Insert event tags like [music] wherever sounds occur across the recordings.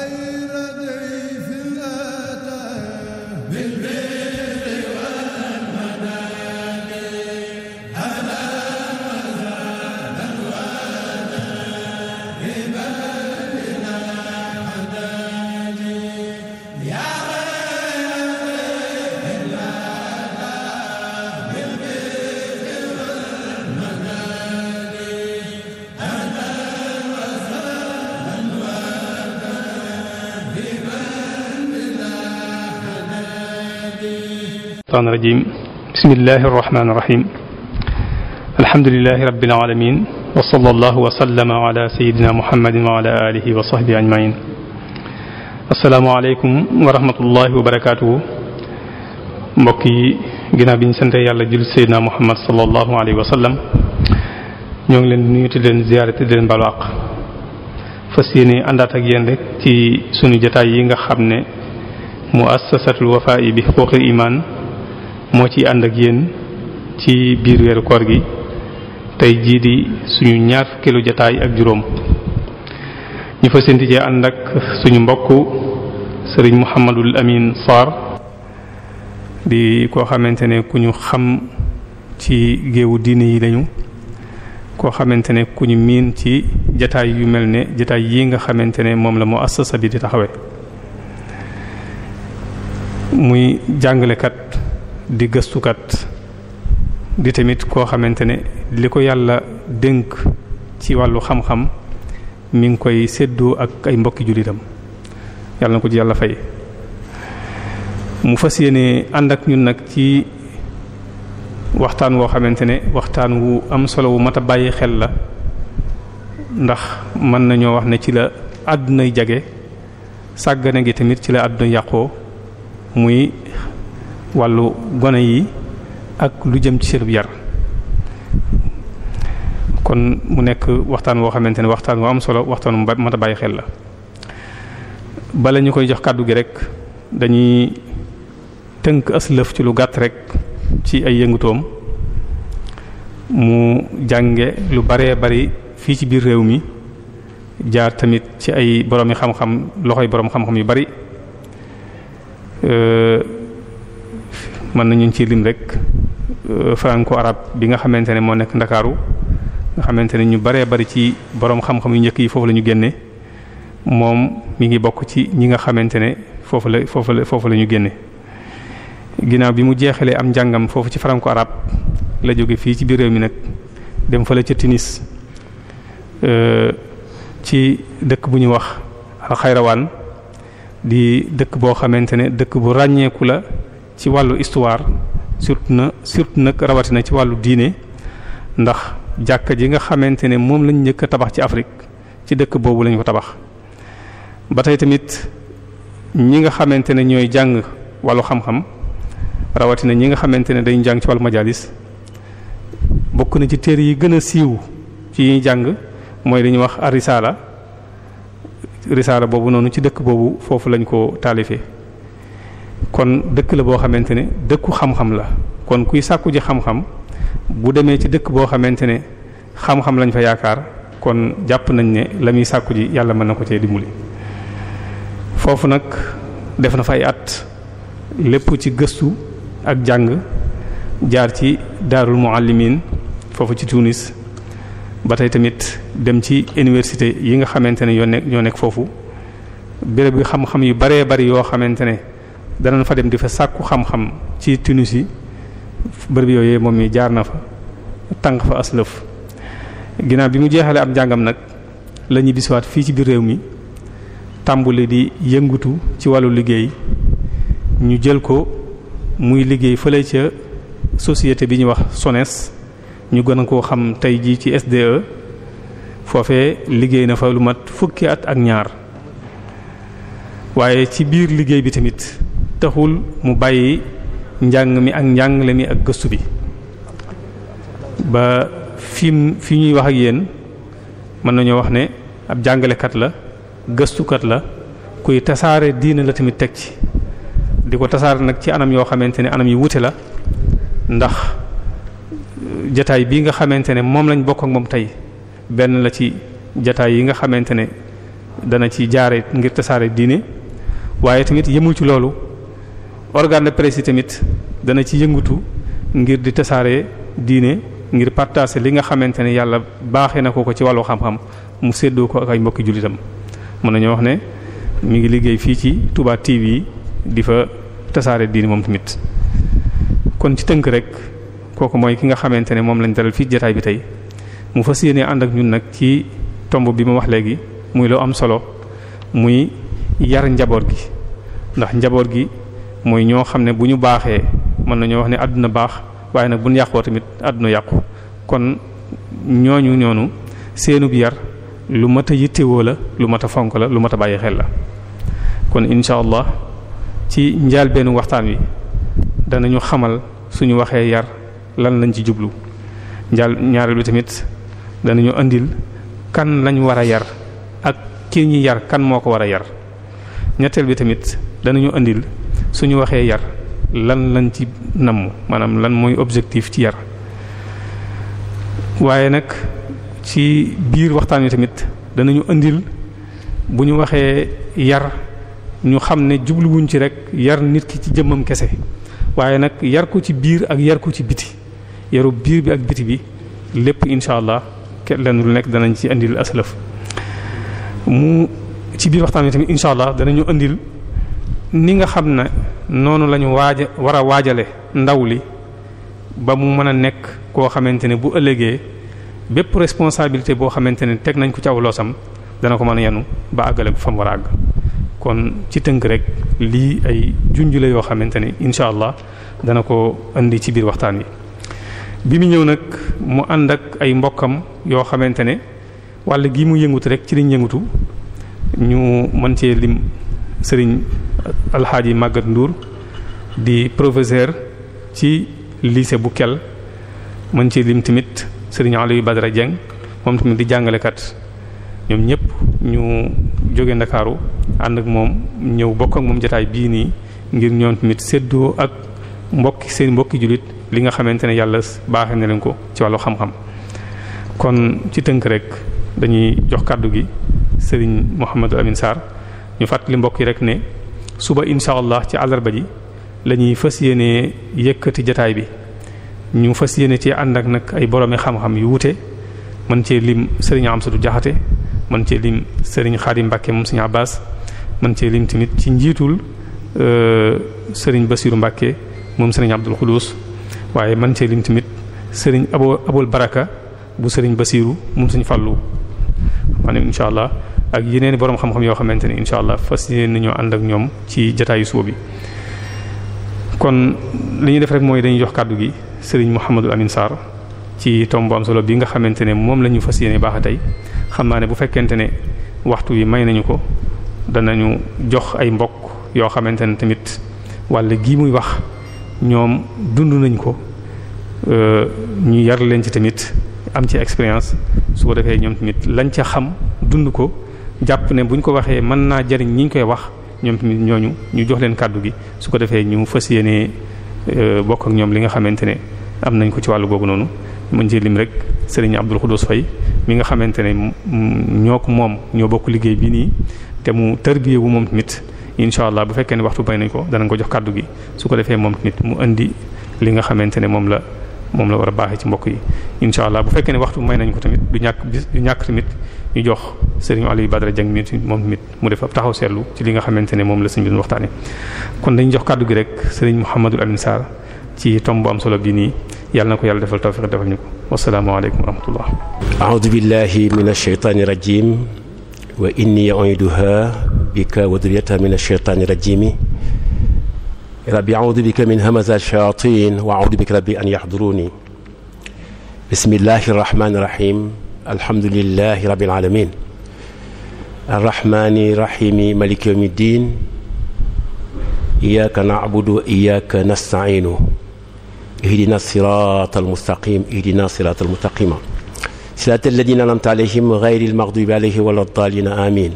خير ضيف أتى الشيطان الرجيم بسم الله الرحمن الرحيم الحمد لله رب العالمين وصلى الله وسلم على سيدنا محمد وعلى آله وصحبه أجمعين السلام عليكم ورحمة الله وبركاته mbokk yi ginnaaw bi ñu sant yàlla jul Seydina Muhammad sallallahu alayhi wa sallam ñoo ngi leen di nuyu te leen ziyaare te leen balu àq fas yéene àndaat ak yéen rek ci sunu jotaay yi nga xam ne muassasatul Wafa'i bi huquqil iman moo ci ànd ak yéen ci biir weeru koor gi tey jii di suñu ñaar fukkeelu jataay ak juróom ñu fa senti cee ànd ak suñu mbokk sëriñ Mouhamadul Amin Sarr di koo xamante ne ku ñu xam ci géewu diine yi lañu koo xamante ne ku ñu miin ci jataay yu mel ne jataay yi nga xamante ne moom la mu assasa bi di taxawe muy jàngalekat di gëstukat di tamit koo xamante ne li ko yàlla dénk ci wàllu xam-xam mi ngi koy séddoo ak ay mbokki jullitam yàlla na ko ci yàlla fay mu fa yéene ànd ak ñun nag ci waxtaan woo xamante ne waxtaan wu am solo wu mat a bàyyi xel la ndax mën nañoo wax ne ci la àddunay jage sàggane gi tamit ci la àdduna yàqoo muy wàllu gone yi ak lu jëm ci seenub yar kon mu nekk waxtaan woo xamante ne waxtaan wu am solo waxtaan wu mat a bàyyi xel la bala ñu koy jox kàddu gi rek dañuy tënk aslëf ci lu gàtt rek ci ay yëngutoom mu jànge lu baree bari fii ci biir réew mi jaar tamit ci ay boroomi xam-xam loxoy borom xam-xam yu bari mën nañu ci lim rek euh, franco arab bi nga xamante ne moo nekk ndakaaru nga xamante ne ñu baree bari ci boroom xam-xam yu njëkk yi foofu lañu ñu génne moom mi ngi bokk ci ñi nga xamante ne foofu la foofu la foofu la ñu génne ginnaaw bi mu jeexalee am njàngam foofu ci franco arab la jóge fii ci biir réew mi nag dem fa ca Tunis euh, ci dëkk bu ñu wax Alxayrawaan di dëkk boo xamante ne dëkk bu ràññeeku la ci wàllu histoire surtout na surtout nag rawatina ci wàllu diine ndax jàkka ji nga xamante ne moom lañ njëkk a tabax ci Afrique ci dëkk boobu lañ ko tabax ba tey tamit ñi nga xamante ne ñooy jàng wàllu xam-xam rawatina ñi nga xamante ne dañu jàng ci wàllu majalis bokk na ci téere yi gën a siiw ci yi jàng mooy dañuy wax a risaala risaala boobu noonu ci dëkk boobu foofu lañu ko taalifee kon dëkk la boo xamante ne dëkku xam-xam la kon kuy sàkku ji xam-xam bu demee ci dëkk boo xamante ne xam-xam lañ fa yaakaar kon jàpp nañ ne la muy sàkku ji yàlla mën na ko cee dimbali foofu nag def na fa ay at lépp ci gëstu ak jàng jaar ci daarul muallimin foofu ci Tunis ba tey tamit dem ci université yi nga xamante ne yoo nekk ñoo nekk foofu béréb bi xam-xam yu baree bari yoo xamante ne danañ fa dem di fa sàkku xam-xam ci Tunisie bërëb yooyu moom mi jaar na fa tànq fa aslëf ginnaaw bi mu jeexalee ab njàngam nag la ñuy bisiwaat fii ci biir réew mi tàmbali di yëngutu ci wàllu liggéey ñu jël ko muy liggéey fële ca société bi ñuy wax SONES ñu gën a koo xam tey jii ci SDE foofe liggéey na fa lu mat fukki at ak ñaar waaye ci biir liggéey bi tamit taxul mu bàyyi njàng mi ak njàngale mi ak gëstu bi ba fim fi ñuy wax ak yéen mën nañoo wax ne ab jàngalekat la gëstukat la kuy tasaare diine la tamit teg ci di ko tasaare nag ci anam yoo xamante ne anam yu wute la ndax euh, jataay bii nga xamante ne moom lañ bokk ak moom tey benn la ci jataay yi nga xamante ne dana ci jaare ngir tasaare diine waaye tamit yemul ci loolu organe de presse yi tamit dana ci yëngatu ngir di tasaare diine ngir partager li nga xamante ne yàlla baaxee na ko ko ci wàllu xam-xam mu séddoo ko ak ay mbokki jullitam mën nañoo wax ne mu ngi liggéey fii ci Touba TV di fa tasaare diine moom tamit kon ci tënk rek kooku mooy ki nga xamante ne moom lañ dalal fii jataay bi tey mu fa yéene ànd ak ñun nag ci tomb bi ma wax léegi muy loo am solo muy yar njaboot gi ndax njaboot gi mooy ñoo xam ne bu ñu baaxee mën nañoo wax ne àdduna baax waaye nag bu ñu yàqoo tamit àdduna yàqu kon ñooñu ñoonu seenub yar lu mat a yittewoo la lu mat a fonk la lu mat a bàyyi xel la kon incha allah ci njaal benn waxtaan wi danañu xamal suñu waxee yar lan lañ ci jublu njaal ñaareel bi tamit danañu indil kan lañu war a yar ak ki ñi yar kan moo ko war a yar ñetteel bi tamit danañu andil suñu waxee yar lan lañ ci namm maanaam lan mooy objectif ci yar waaye nag ci biir waxtaan wi tamit danañu indil bu ñu waxee yar ñu xam ne jubluwuñ ci rek yar nit ki ci jëmmam kese waaye nag yar ko ci biir ak yar ko ci biti yaru biir bi ak biti bi lépp incha allah lenn lu nekk danañ ci indil asalaf mu ci biir waxtaan wi tamit incha danañu indil. ni nga xam na noonu lañu ñu waaja war a waajale ndaw li ba mu mën a nekk koo xamante ne bu ëllëgee bépp responsabilité boo xamante ne teg nañ ko ci aw loosam dana ko mën a yenu ba àggale fa mu war àgg kon ci tënk rek lii ay junj yoo xamante ne incha allah dana ko indi ci biir waxtaan wi. bi mu ñëw nag mu ànd ak ay mbokkam yoo xamante ne wàll gi mu yëngutu rek ci liñ yëngutu ñu mën cee lim sëriñ. alxaaji Maguette Ndour di professeur ci lycée bu kel mën ci lim tamit sëriñ Aliou Badara Dieng moom tamit di jàngalekat ñoom ñëpp ñu jóge ndakaaru ànd ak moom ñëw bokk ak moom jotaay bii nii ngir ñoom tamit séddoo ak mbokki seen mbokki jullit li nga xamante ne yàlla baaxe na leen ko ci wàllu xam-xam kon ci tënk rek dañuy jox kàddu gi sëriñ Mouhamadou Amine Sarr ñu fàttali mbokk yi rek ne suba incha allah ci àllarba ji lañuy ñuy fas yéenee yëkkati jataay bi ñu fas yéene ci ànd ak nag ay boroomi xam-xam yu wute mën cee lim sëriñ Amsatu Jaxate mën cee lim sëriñ Xaadim Mbàkke moom sëriñ Abbas mën cee lim tamit ci njiitul euh, sëriñ Basiru Mbàkke moom sëriñ Abdul Xudus waaye man cee lim tamit sëriñ Abo Abul Baraka bu sëriñ Basiru moom sëriñ Fàllu maanaam incha allah ak yeneen borom xam-xam yoo xamante ni incha allah fas yéene nañoo ànd ak ñoom ci jataayu suba bi. kon li ñuy def rek mooy dañuy jox kàddu gi sëriñ Mouhamadou Amine Sarr ci tomb solo bi nga xamante ne moom la ñu fas yéene baax a tey xam naa ne bu fekkente ne waxtu wi may nañu ko danañu jox ay mbokk yoo xamante ne tamit walla gii muy wax ñoom dund nañ ko euh, ñu yar leen ci tamit am ci expérience su ko defee ñoom tamit lañ ca xam dund ko. jàpp ne bu ñu ko waxee mën naa jariñ ñi ñu koy wax ñoom tamit ñooñu ñu jox leen kàddu gi su ko defee ñu fas yéenee euh, bokk ak ñoom li nga xamante ne am nañ ko ci wàllu googu noonu mën ci lim rek sëriñ Abdul Xudus Fay mi nga xamante ne ñoo ko moom ñoo bokk liggéey bi nii te mu tërbiye wu moom tamit incha allah bu fekkee ne waxtu bay nañ ko danañ ko jox kàddu gi su ko defee moom tamit mu indi li nga xamante ne moom la moom la war a baaxee ci mbokk yi incha allah bu fekkee ne waxtu may nañ ko tamit du ñàkk bis du ñàkk tamit ñu jox sëriñ Aliou Badara Dieng mi moom mit mu def ab taxaw seetlu ci li nga xamante ne moom la sëñ bi doon waxtaane kon dañu jox kàddu gi rek sëriñ Mouhamadul Amine Sarr ci tomb bu am solo bi nii yàlla na ko yàlla defal tawfiq defal ñu ko wasalaamu aleykum wa rahmatullah a'udhu billahi minash shaytaanir rajiim wa inni u'iduha bika wa dhurriyyataha minash shaytaanir rajiim rabbi a'udhu bika min hamazati shayaatiin wa a'udhu bika rabbi an yahduruni bismillahir rahmanir rahim alhamdulilahi rabil alamin arrahmani rahimi malik yawmi diin iyaaka naabudu wa iyaaka nastainu ihdina siraat almustaqim ihdina siraat almustaqima siraat alladina anamta alayhim gayri almaghdubi alayhi wala daalina amin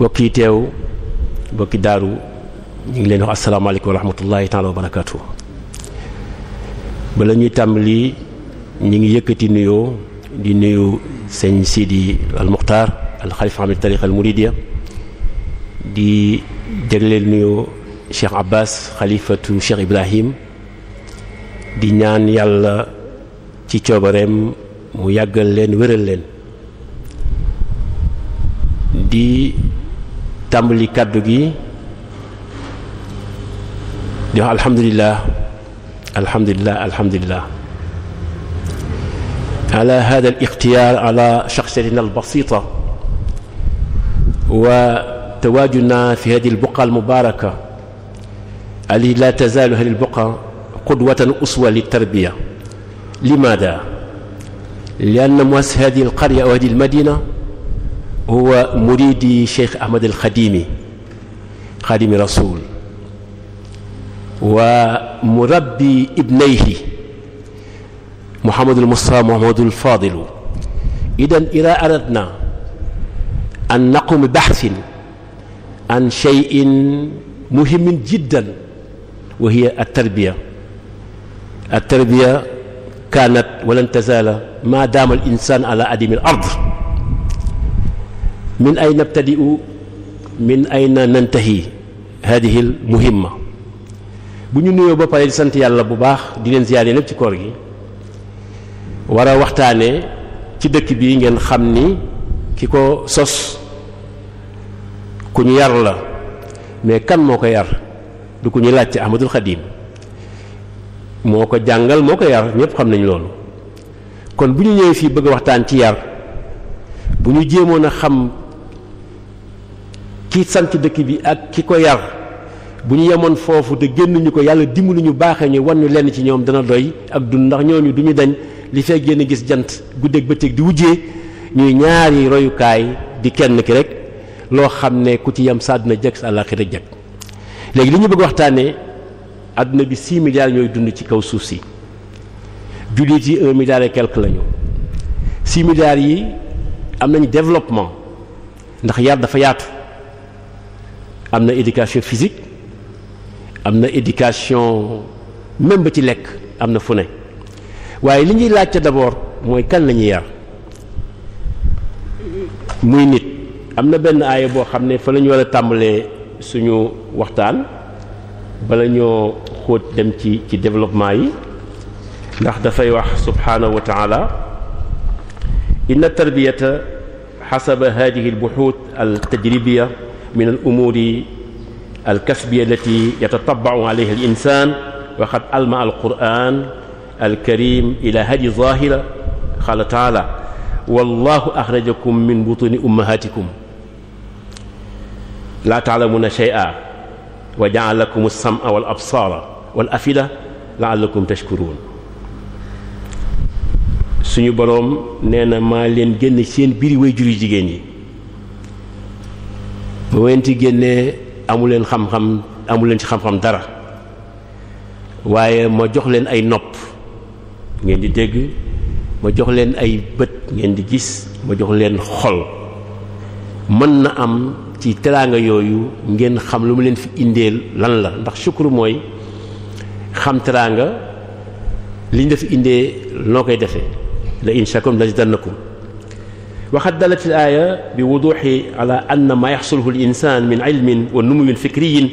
bokk yi teew bokki daaru ñu ngi leen wax asalaamaaleykum wa rahmatullahi taala wa barakaatu bala ñuy tàmbali ñi ngi yëkkati nuyoo di nuyu sëñ Sidi al Muxtaar al xalifa am tariqa al muridiya di jagleel nuyoo Cheikh Abbas xalifatu Cheikh Ibrahim di ñaan yàlla ci coobareem mu yàggal leen wéral leen di tàmbali kàddu gi di wax alhamdulilah alhamdulilah alhamdulilah على هذا الاختيار على شخصيتنا البسيطة وتواجدنا في هذه البقعة المباركة التي لا تزال هذه البقعة قدوة أسوة للتربية لماذا؟ لأن مؤسس هذه القرية أو هذه المدينة هو مريدي شيخ أحمد الخديمي خادم رسول ومربي ابنيه محمد المصطفى محمد الفاضل إذا إذا أردنا أن نقوم ببحث عن شيء مهم جدا وهي التربية التربية كانت ولن تزال ما دام الإنسان على أدم الأرض من أين نبتدئ من أين ننتهي هذه المهمة bu ñu nuyoo ba pare di sant yàlla bu baax di leen ziyaare lépp ci koor gi war a waxtaanee ci dëkk bii ngeen xam ni ki ko sos ku ñu yar la mais kan moo ko yar du ku ñu laaj ci Ahmadul moo ko jàngal moo ko yar ñëpp xam nañ loolu kon bu ñu ñëwee fii bëgg waxtaan ci yar bu ñu jéemoon a xam ki sant dëkk bi ak ki ko yar bu ñu yemoon foofu te génn ñu ko yàlla dimbali ñu baaxee ñu wan ñu lenn ci ñoom dana doy ak dund ndax ñooñu du ñu dañ. li fee génn gis jant guddeeg bëccëg di wujjee ñuy ñaari royukaay di kenn ki rek loo xam ne ku ci yam sa àdduna jëkk sa àllaaxira jëkk léegi li ñu bëgg waxtaanee àdduna bi 6 milliards ñooy dund ci kaw suuf si jullit yi 1 milliard et quelque lañu yi am nañu développement ndax yar dafa yaatu am na éducation physique am na éducation même ba ci lekk am na fu ne waaye li ñuy laajte d'abord mooy kan la yar muy nit am na benn aaya boo xam ne fa la war a tàmbalee suñu waxtaan bala ñoo xóot dem ci ci développement yi ndax dafay wax subhaanahu wa taala inna tarbiyata xasaba hadihi albuxuut altajribiya min al umuuri alkasbiya allati yatatabaau alayha alma al alkarim ila hadi zahira qala taala wallahu axrajakum min butuni ummahatikum laa taalamuuna shay'a wa ja'alakum as-sam'a wal absara wal afida la'allakum tashkurun suñu boroom nee na maa leen génn seen biir waajur yu jigéen yi ba wenti génnee amuleen xam-xam amuleen ci xam-xam dara waaye ma jox leen ay nopp ngeen di dégg ma jox leen ay bët ngeen di gis ma jox leen xol mën na am ci teraanga yooyu ngeen xam lu mu leen fi indeel lan la ndax sukkur mooy xam teraanga li ñu def indee noo koy defee la in shakartum la zidannakum waxat dalat il aaya bi wuduxi ala anna maa yaxsuluhu l insan min ilmin wa numuwin fikriyin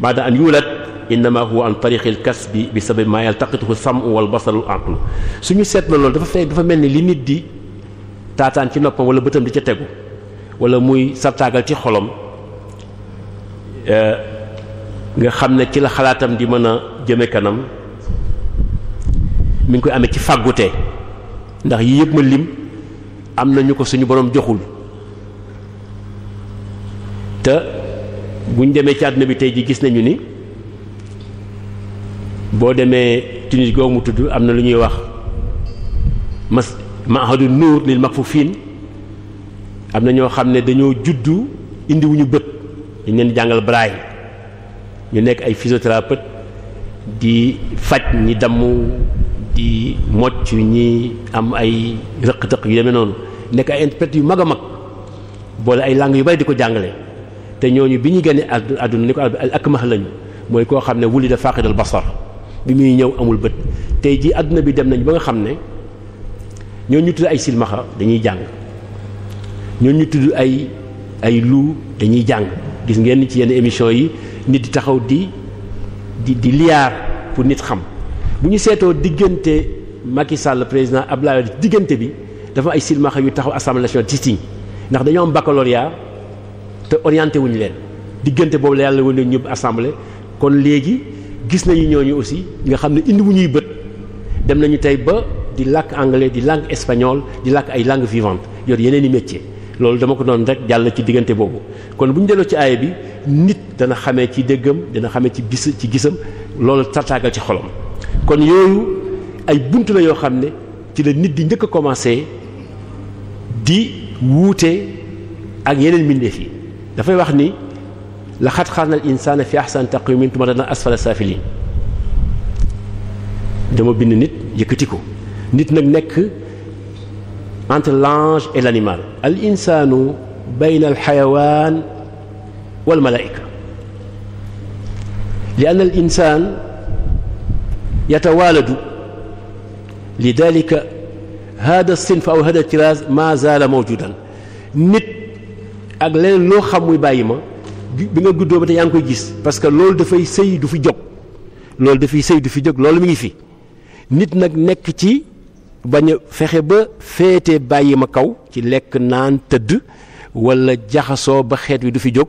baada an yulat innama huwa an tariqil kasbi bi sabab ma yaltaqituhu sam'u wal basaru aqlu suñu seet na loolu dafa fekk dafa mel ni li nit di taataan ci noppam wala bëtam di ca tegu wala muy tàggal ci xolom eh, nga xam ne ci la xalaatam di mën a jëme kanam mu ngi koy amee ci fàggute ndax yii yëpp ma lim am na ñu ko suñu boroom joxul te buñ demee ci àdduna bi tey ji gis nañu ni boo demee Tunis googu mu tudd am na lu ñuy wax mas mahadu nuur lil makfufin am na ñoo xam ne dañoo juddu indiwuñu bët dañ leen jàngal baraay ñu nekk ay physiothérapeute di faj ñi damm di mocc ñi am ay rëq-rëq yu demee noonu nekk ay interprètes yu mag a mag boole ay langues yu bari di ko jàngale te ñoo ñu bi ñu génnee àdduna ni ko al akmah lañu mooy koo xam ne wuli da faaqidal basar bi muy ñëw amul bët tey jii àdduna bi dem nañ ba nga xam ne ñoo ñu tudd ay silmaxa dañuy jàng ñoo ñu tudd ay ay lu dañuy jàng gis ngeen ci yenn émission yi nit di taxaw di di di liyaar pour nit xam bu ñu seetoo diggante Macky Sall président Abdoulaye diggante bi dafa ay silmaxa yu taxaw assemblée nationale di ndax dañoo am baccalauréat te orienté wuñu leen diggante boobu la yàlla wane ñëpp assemblée kon léegi. gis nañu ñooñu aussi nga xam ne indi wu ñuy bët dem nañu tey ba di làkk anglais di langue espagnole di làkk ay langue vivante yoor yeneen yi métier loolu dama ko doon rek jàll ci diggante boobu kon bu ñu delloo ci aaya bi nit dana xamee ci déggam dana xamee ci bis ci gisam loolu tartaagal ci xolam kon yooyu ay bunt la yoo xam ne ci la nit di njëkk a commencé di wuute ak yeneen mbindeef yi dafay wax ni laqad xalaqnal insaana fi ahsani taqwiimin thumma radadnaahu asfala saafiliin dama bind nit yëkkati ko nit nag nekk entre l'ange et l'animal al insaanu bayna al xayawaan wal malaa'ika li anna al insaan yatawaaladu li daalika hada sinf aw hada tiraas maa zaala mawjuudan nit ak leneen loo xam muy bàyyi ma bi nga guddoo ba te yaa ngi koy gis parce que loolu dafay sëy du fi jóg loolu dafay sëy du fi jóg loolu mi ngi fi nit nag nekk ci bañ a fexe ba féete bàyyi ma kaw ci lekk naan tëdd walla jaxasoo ba xeet wi du fi jóg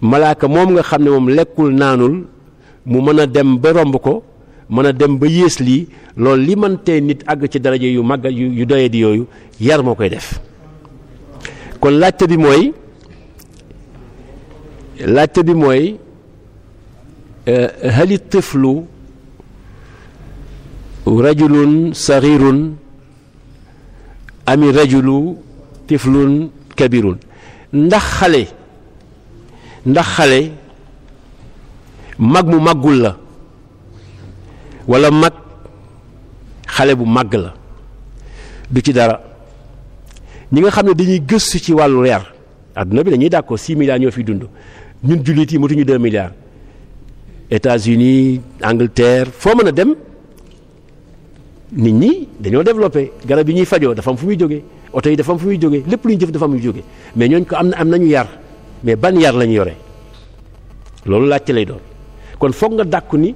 malaaka moom nga xam ne moom lekkul naanul mu mën a dem ba romb ko mën a dem ba yées lii loolu li man tey nit àgg ci daraja yu màgg yu doye di yooyu yar moo koy def kon laajte bi mooy laajte bi mooy euh, hali tiflu rajulun saxirun ami rajulu tiflun kabirun ndax xale ndax xale mag mu màggul la walla mag xale bu màgg la du ci dara ñi nga xam ne dañuy gëstu ci wàllu reer àdduna bi dañuy d'accord six milliards ñoo fi dund ñun jullit yi matuñu deux milliards États-Unis Angleterre foo mën a dem nit ñi dañoo développé garab yi ñuy fajoo dafa am fu muy jóge oto yi dafa am fu muy jógee lépp lu ñu jëf dafa am fu muy jógee mais ñooñ ko am na am nañu yar mais ban yar lañu yore loolu laajte lay doon kon foog nga dàkku ni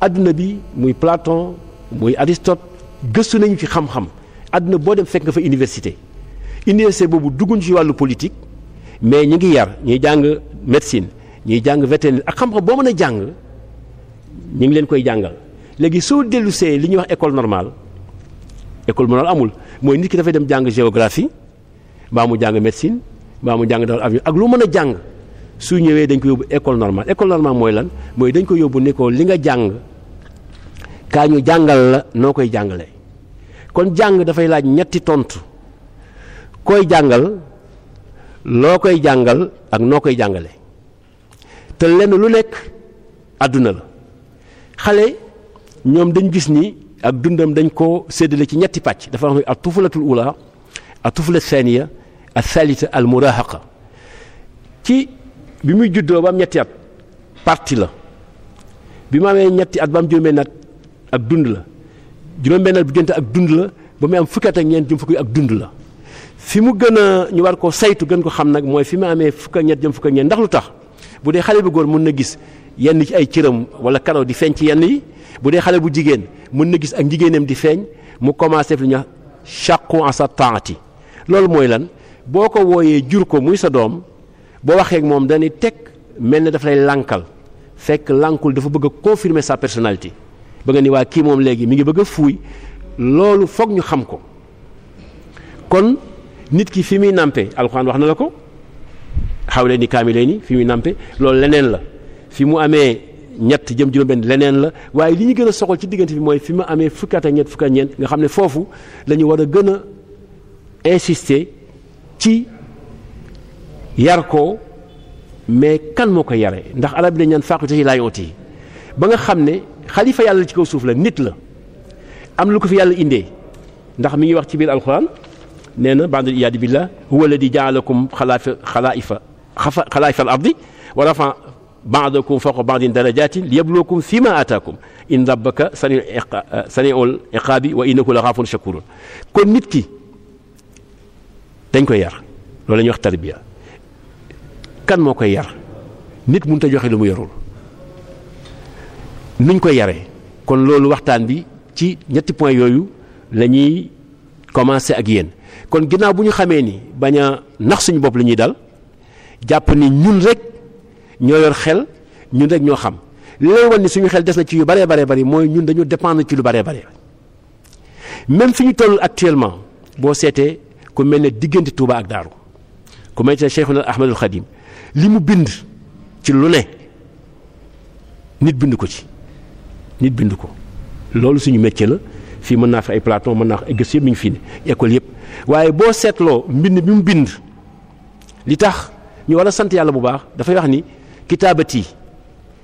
adduna bi muy Platon muy Aristote gëstu nañu fi xam-xam adduna boo dem fekk nga fa université université boobu dugguñ ci wàllu politique mais ñu ngi yar ñuy jàng. médecine ñuy jàng vétérinaire ak xam-xam boo mën a jàng ñu ngi leen koy jàngal léegi soo dellusee li ñuy wax école normal école normale amul mooy nit ki dafay dem jàng géographie mbaa mu jàng médecine mbaa mu jàng dawal avion ak lu mën a jàng su ñëwee dañ ko yóbbu école normale mooy lan mooy dañ ko yóbbu ni ko li nga jàng kaa ñu jàngal la noo koy jàngalee kon jàng dafay laaj ñetti tontu koy jàngal. loo koy jàngal ak noo koy jàngale te lenn lu nekk àdduna la xale ñoom dañ gis ni ak dundam dañ ko séddale ci ñetti pàcc dafa am ak tufulatul ula ak tufula thaniya ak thalita al murahaqa ci bi muy juddoo ba am ñetti at parti la bi mu amee ñetti at ba am juróom-benn ak dund la juróom-benn bu jënte ak dund la ba muy am fukki at ak ñeent jum fukki ak dund la fi mu gën a ñu war ko saytu gën ko xam nag mooy fi mu amee fukk ak ñett jëm fukk ak ñett ndax lu tax bu dee xale bu góor mun na gis yenn ci ay cëram wala karaw di feeñ ci yenn yi bu dee xale bu jigéen mun na gis ak njigéenam di feeñ mu commencé fi ñu chaqu sa taati loolu mooy lan boo ko wooyee jur ko muy sa doom boo waxee moom dañuy teg mel ne daf lay lànkal fekk lànkul dafa bëgg a confirmer sa personnalité ba nga waa kii moom léegi mi ngi bëgg a loolu foog ñu xam ko kon nit ki fi muy nampe alxuraan wax na la ko xawle ni kaamile ni fi muy nampe loolu leneen la fi mu amee ñett jëm juróom-benn leneen la waaye li ñu gën a soxal ci diggante bi mooy fi mu amee fukki at ak ñett fukki ñeent nga xam ne foofu lañu war a gën a insister ci yar ko mais kan moo ko yare ndax arab bi dañ naan faculté yi laay oti ba nga xam ne xalifa yàlla ci kaw suuf la nit la am lu ko fi yàlla indee ndax mi ngi wax ci biir alxuraan. nee na bandul iyaadu billah huwa alladi jaalakum xalaafa xalaa'ifa xafa xalaa'ifa al ardi wa rafa baadakum fawqa baadin darajatin liyabluwakum fi ma ataakum in rabbaka sariul iqaabi wa innahu la xaafun shakurun kon nit ki dañ koy yar loolu la ñuy bi kan moo koy yar nit mënut a joxe lu mu yorul nuñ koy yare kon loolu waxtaan bi ci ñetti point yooyu lañuy ñuy commencer ak yéen kon ginnaaw bu ñu xamee ni bañ a nax suñu bopp li ñuy dal jàpp ni ñun rek ñoo yor xel ñun rek ñoo xam li wan ni suñu xel des na ci yu bëree baree bëri mooy ñun dañu dépendre ci lu bëree bëri même fi ñu toll actuellement boo seetee ku mel ne diggante Touba ak Daaru ku mel ne Cheikhuna Ahmadul Khadim li mu bind ci lu ne nit bind ko ci nit bind ko loolu suñu métier la fii mën naa fi ay Platon mën naa fi ay gës yëpp mi ngi fii ne école yëpp waaye boo seetloo mbind bi mu bind li tax ñu war a sant yàlla bu baax dafay wax ni kitaabati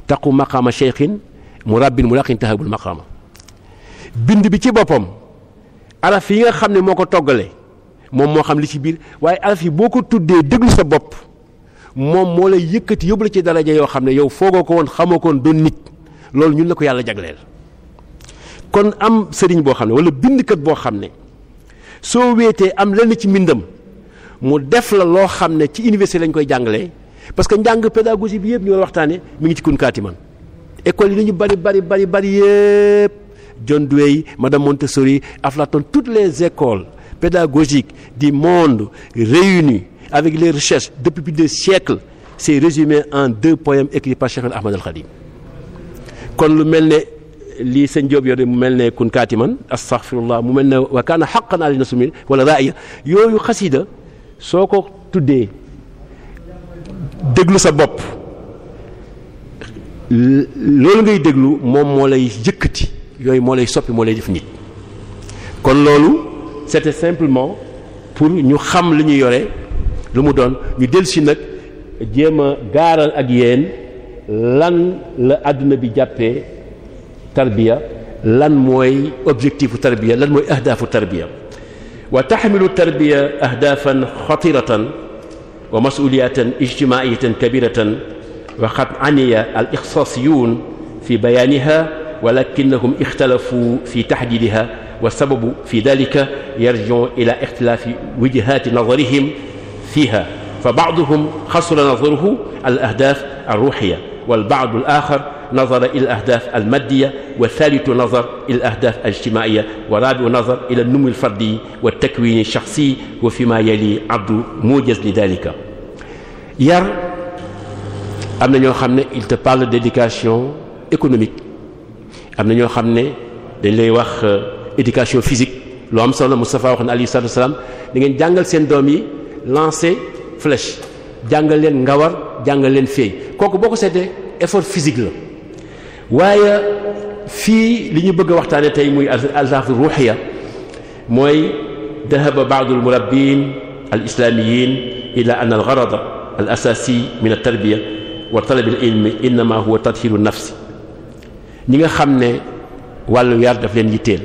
taqu maqaama cheikhin mu rabbin mu laqin tahabul maqaama bind bi ci boppam araf yi nga xam ne moo ko toggale moom moo xam li ci biir waaye araf yi boo ko tuddee déglu sa bopp moom moo lay yëkkati yóbbu la ci daraja yoo xam ne yow foogoo ko woon xamoo ko woon doon nit loolu ñun la ko yàlla jagleel kon am sëriñ boo xam ne wala bindkat boo xam ne soo weetee am lenn ci mbindam mu def la loo xam ne ci université lañ koy jàngalee parce que njàng pédagogie bi yëpp ñoo war waxtaanee mi ngi ci kunkaati man école yi li ñu bari bari bari bari yëpp John Dewey madame Montessori Aflaton toutes les écoles pédagogiques du monde réunies avec les recherches depuis plus de siècles c'est résumé en deux poèmes écrits par Cheikh Ahmad Al Khadim kon lu mel ne lii sëñ Diop yore mu mel ne kun kaatiman astaghfirullah mu mel ne wa kaana haqqan na sumi wala raaya yooyu xasida soo ko tuddee déglu sa bopp loolu ngay déglu moom moo lay yëkkati yooyu moo lay soppi moo lay def nit kon loolu c'était simplement pour ñu xam li ñu yore lu mu doon ñu si nag jéem a gaaral ak yéen lan la àdduna bi jàppee tarbiya lan mooy objectifu tarbiya lan mooy ahdaafu tarbiya wa taxmilu tarbiya ahdaafan xatiratan wa masuuliyatan ijtimaiyatan kabiratan wa qad aniya al ixsaasiyuun fi bayaaniha walakinahum ixtalafu fi taxdiidiha wa sababu fi dalika yarjiu ila ixtilaafi wijhaati nadarihim fiiha fa baaduhum xasura nadaruhu al ahdaaf al ruuxiya والبعض الآخر نظر إلى الأهداف المادية والثالث نظر إلى الأهداف الاجتماعية والرابع نظر إلى النمو الفردي والتكوين الشخصي وفيما يلي عبد موجز لذلك yar am na ñoo xam ne il te parle d'éducation économique am na ñoo xam ne dañ lay wax euh, éducation physique loo am solo Moustapha wax na alayhi salaatu wa salaam da ngeen jàngal seen doom yi lancer flèche jàngal leen ngawar jàngal leen feey kooku boo ko seetee effort physique la waaye fii li ñu bëgg a waxtaane tey muy alsaafu ruuxiya mooy dahaba ba'du al murabbiin al islaamiyiin ila anna al gharada al asaasi min al tarbiya wa talab al ilmi innama huwa tadhiru nafsi ñi nga xam ne wàllu yar daf leen yitteel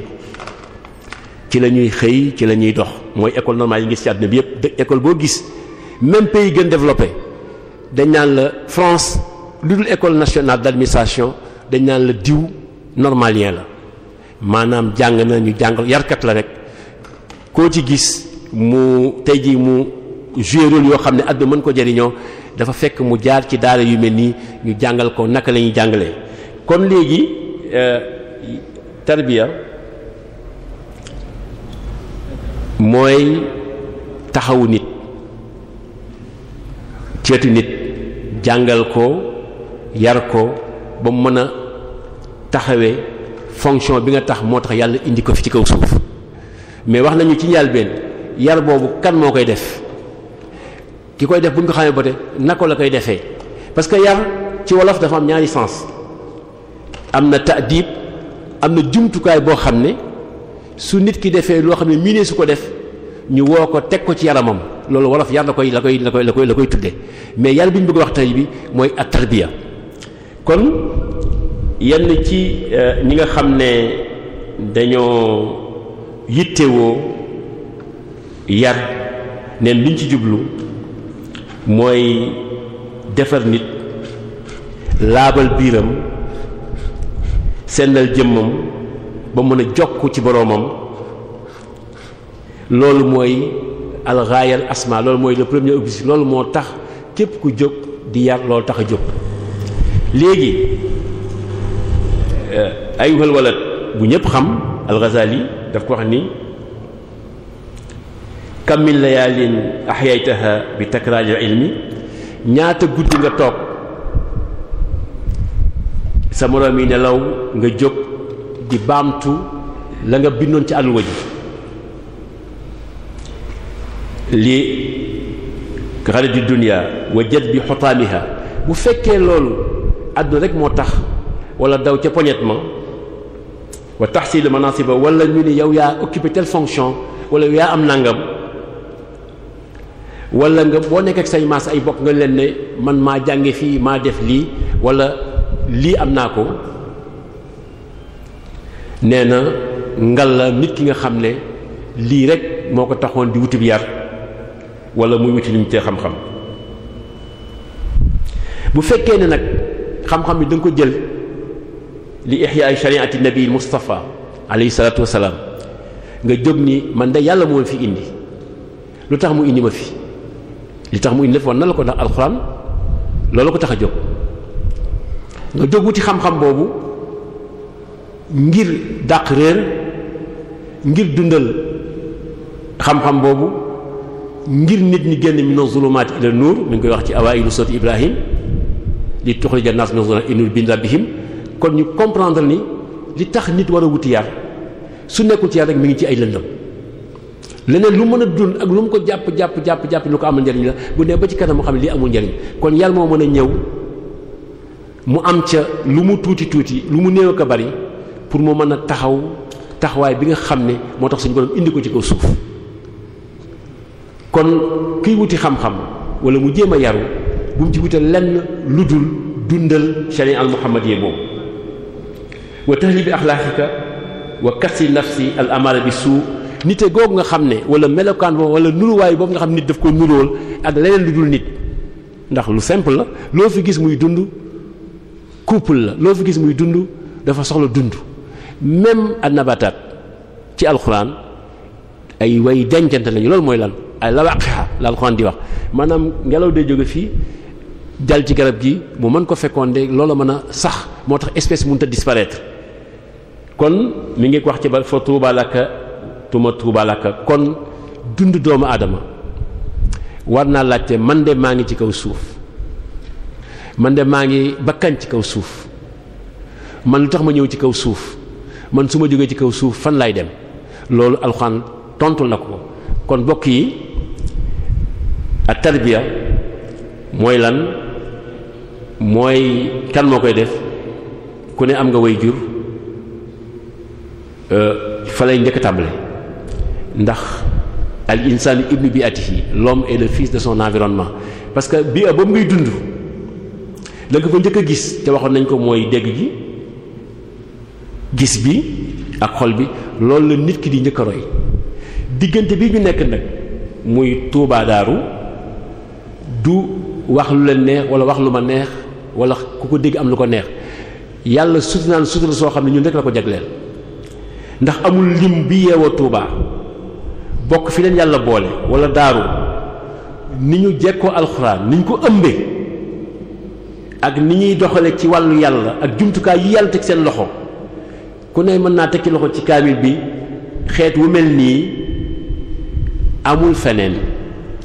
ci la ñuy xëy ci la ñuy dox mooy école normale yi ngis ci àdduna bi yëpp école boo gis même pays gën développé dañ naan la France lu dul école nationale d'administration dañ naan la diw normalien la maanaam jàng na ñu jàngal yarkat la rek koo ci gis mu tey jii mu joué rôle yoo xam ne adda mën ko jariñoo dafa fekk mu jaar ci daara yu mel nii ñu jàngal ko naka la ñuy jàngalee kon léegi euh, tarbiya mooy taxawu nit ceetu nit jàngal ko yar ko ba mu mën a taxawee fonction bi nga tax moo tax yàlla indi ko fi ci kaw suuf mais wax nañu ci benn yar boobu kan moo koy def ki koy def bu ñu ko xamee ba te nako la koy defee parce que yar ci wolof dafa am ñaari sens am na taadib am na jumtukaay boo xam ne su nit ki defee loo xam ne miinee su ko def ñu woo ko teg ko ci yaramam loolu wolof yar la koy la koy la koy la koy la mais yar bi ñu bëgg wax tey bi mooy at-tarbiya kon yenn ci euh, ñi nga xam ne dañoo yittewoo yar neen liñ ci jublu mooy defar nit laabal biiram sennal jëmmam ba mën a jokk ci boroomam loolu mooy alxaayal asma loolu mooy le premier objectif loolu moo tax képp ku jóg di yar loolu tax a jóg léegi eh, ay walad bu ñëpp xam alxazali daf ko wax ni kam min layaalin ahyaytaha bi takraaril ilmi ñaata guddi nga toog sa moroom yi nelaw nga jóg di baamtu la nga bindoon ci àlluwa ji lii li xalati dunya wa bi xotaamiha bu fekkee loolu àdduna rek moo tax wala daw ca poñet ma wa tahsil manasiba wala ñu ne yow yaa occupé telle fonction wala yaa am nangam wala nga boo nekk ak say maas ay bokk nga leen ne man maa jànge fii maa def lii wala lii am naa ko nee na ngal la nit ki nga xam ne lii rek moo ko taxoon di wutub yar wala muy wuti lim tee xam-xam bu fekkee ne nag xam-xam bi danga ko jël li ihya shari'ati nabi Mustafa alayhi salaatu wasalaam nga jóg ni man de yàlla moo fi indi lu tax mu indi ma fi li tax mu indi def war na la ko ndax alxuraan loolu ko tax a jóg nga jóg wuti xam-xam boobu ngir dàq réer ngir dundal xam-xam boobu ngir nit ñi génn mina zulumaati ila nuur mi ngi koy wax ci awaa'ilu sotti Ibrahim li tuxrija naas mina zulumaati ila nuur bi rabbihim kon ñu comprendre ni li tax nit war a wuti yar su nekkul ci rek mi ngi ci ay lëndëm leneen lu mën a dund ak lu mu ko jàpp jàpp jàpp jàpp lu ko amul njariñ la bu ne ci kanam moo xam ne lii amul njariñ kon yàlla moo mën a ñëw mu am ca lu mu tuuti tuuti lu mu néew ko bari pour mu mën a taxaw taxawaay bi nga xam ne moo tax suñu borom indi ko ci kaw suuf. kon kiy wuti xam-xam wala mu jéem a yaru bu mu ci wutal lenn lu dul dundal sharia al muhammadiyya boobu wa tahlibi axlaaqika wa kasi nafsi al amara bi suu nite googu nga xam ne wala melokaan boobu wala nuruwaay boobu nga xam nit daf ko nuróol ak leneen lu dul nit ndax lu simple la loo fi gis muy dund couple la loo fi gis muy dund dafa soxla dund même an nabatat ci alxuraan ay way dencante lañu loolu mooy lan ay lawaqiha la alxuraan di wax maanaam ngelaw day jóge fii dal ci garab gi mu man ko fécondé loola mën a sax moo tax espèce mënut a disparaître kon mi ngi wax ci ba fa tuuba tuma tuuba kon dund doomu aadama war naa laajte man de maa ngi ci kaw suuf man de maa ngi bakkan ci kaw suuf man lu ma ñëw ci kaw suuf man su ma jógee ci kaw suuf fan laay dem loolu alxuraan tontul na ko kon bokk yi ak tarbiya mooy lan mooy kan moo koy def ku ne am nga way jur euh, fa lay njëkk tàmbale ndax al insaan ibnu bi atihi l'homme est le fils de son environnement parce que bi a ba muy dund la nga fa njëkk a gis te waxoon nañ ko mooy dégg gi gis bi ak xol bi loolu la nit ki di njëkk a roy diggante bi ñu nekk nag muy tuubaadaaru du wax lu leen neex wala wax lu ma neex wala ku ko dégg am lu ko neex yàlla suturaan sutura soo xam ne ñun rek la ko jagleel ndax amul lim bi yeewoo tuuba bokk fi leen yàlla boole wala daaru ni ñu jekkoo alxuraan ni ñu ko ëmbee ak ni ñuy doxale ci wàllu yàlla ak jumtukaay yi yàlla teg seen loxo ku ne mën naa teg ci loxo ci kaamil bi xeet wu mel nii amul feneen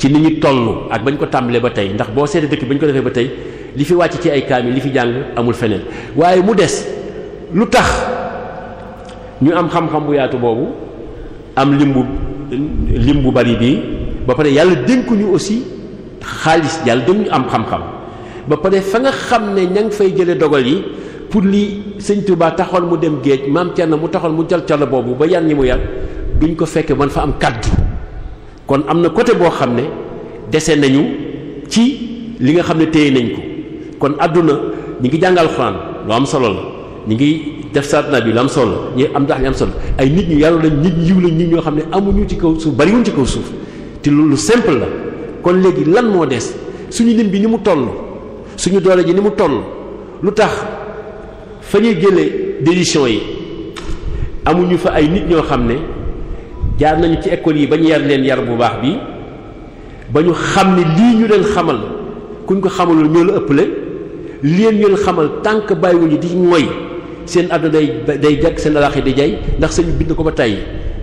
ci li ñu toll ak bañ ko tàmbalee ba tey ndax boo seetee dëkk bañ ko defee ba tey li fi wàcc ci ay kaamil li fi jàng amul feneen waaye mu des lu tax ñu am xam-xam bu yaatu boobu am lim bu lim bu bari bii ba pare yàlla dénkuñu aussi xaalis yàlla dem ñu am xam-xam ba pare fa nga xam ne ña fay jëlee dogal yi pour li sëñ Touba taxoon mu dem géej maam na mu taxoon mu jël calo boobu ba yan ñi mu yar duñ ko fekkee man fa am kaddu. kon am na côté boo xam ne dese nañu ci li nga xam ne téye nañ ko kon àdduna ñi ngi jàngal Alxuraan lu am solo la ñi ngi def satna bi lu am solo ñu am ndax li am solo ay nit ñu yàlla lañ nit yiw lañ nit ñoo xam ne amuñu ci kaw suuf bariwuñ ci kaw suuf te loolu simple la kon léegi lan moo des suñu lim bi ni mu toll suñu doole ji ni mu toll lu tax fa ñuy jëlee décision yi amuñu fa ay nit ñoo xam ne jaar nañu ci école yi ba ñu yar leen yar bu baax bi ba ñu xam ne lii ñu leen xamal kuñ ko xamalul ñoo la le lii ñu leen xamal tànk bàyyiwuñu di mooy seen àdduna day day jàkk seen alaaxi di jay ndax seen bind ko ba tey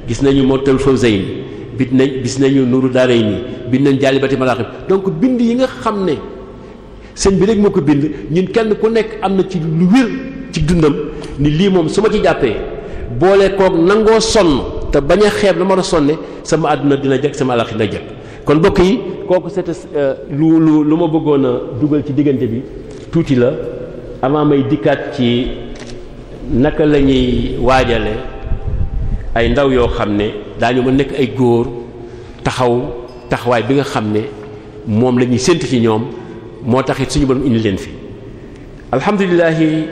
gis nañu Mawtal Fawzayni bind nañ gis nañu Nuuru nii bind nañ Jaalibati Maraaxib donc bind yi nga xam ne seen bi rek moo ko bind ñun kenn ku nekk am na ci lu wér ci dundam ni lii moom su ma ci jàppee boole koog nangoo sonn. te bañ a xeeb la mën a sonne sama àdduna dina jag sama alax dina jag kon mbokk yi kooku c'était euh, lu lu lu ma bëggoon a dugal ci diggante bi tuuti la avant may dikkaat ci naka la ñuy waajale ay ndaw yoo xam ne daañu ma nekk ay góor taxaw taxawaay bi nga xam ne moom lañuy ñuy ci ñoom moo taxit suñu borom indi leen fi alhamdulillahi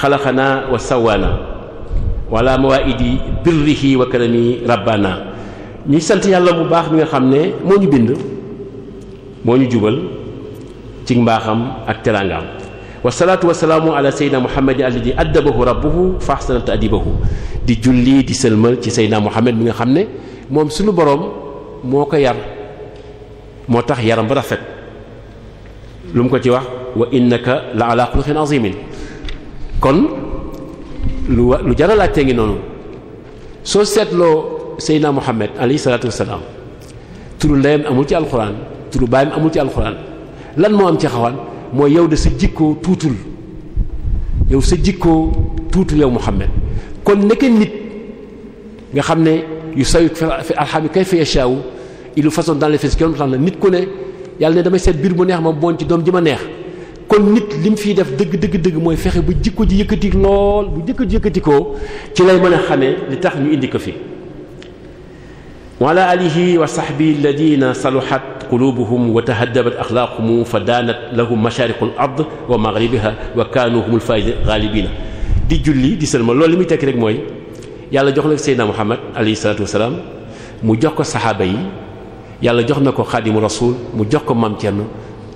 xalaqana wa sawaana wala mawaidi birrihi wa karami rabbana ñuy sant yàlla bu baax mi nga xam ne moo ñu bind moo ñu jubal ci mbaaxam ak teraangaam wasalaatu wasalaamu ala seydna muhammadin alladi addabahu rabbuhu fa ahsana ta'dibahu di julli di sëlmal ci seydna muhammad mi nga xam ne moom suñu boroom moo ko yar moo tax yaram ba rafet lu mu ko ci wax wa innaka la ala xuluqin azimin kon lu wa lu jar a ngi noonu soo seetloo Seydina Muhammad alayhi salaatu wassalaam turu ndeyam amul ci alxuraan turu baayam amul ci alxuraan lan moo am ci xawaan mooy yow de sa jikkoo tuutul yow sa jikkoo tuutul yow Muhammad kon nekke nit nga xam ne yu sayut fi alxami kayfa yashaawu ilu façon dans les fes kilomètres la nit ku ne yàlla ne damay seet biir bu neex ma boon ci doom ji ma neex kon nit li mu fi def dëgg dëgg dëgg mooy fexe bu jikko ji yëkkati lool bu jikko ji yëkkatikoo ci lay mën a xamee li tax ñu indi ko fi wala alihi wa sahbi alladina saluhat qulubuhum wa tahaddabat axlaaquhum fa daanat lahum mashariqu l ard wa maghribiha wa kaanu humul faizin ghalibina di julli di sëlma loolu li muy tekki rek mooy yàlla jox la seydina muhammad alayhi salatu wasalaam mu jox ko saxaaba yi yàlla jox na ko xaadimu rasul mu jox ko mam Cerno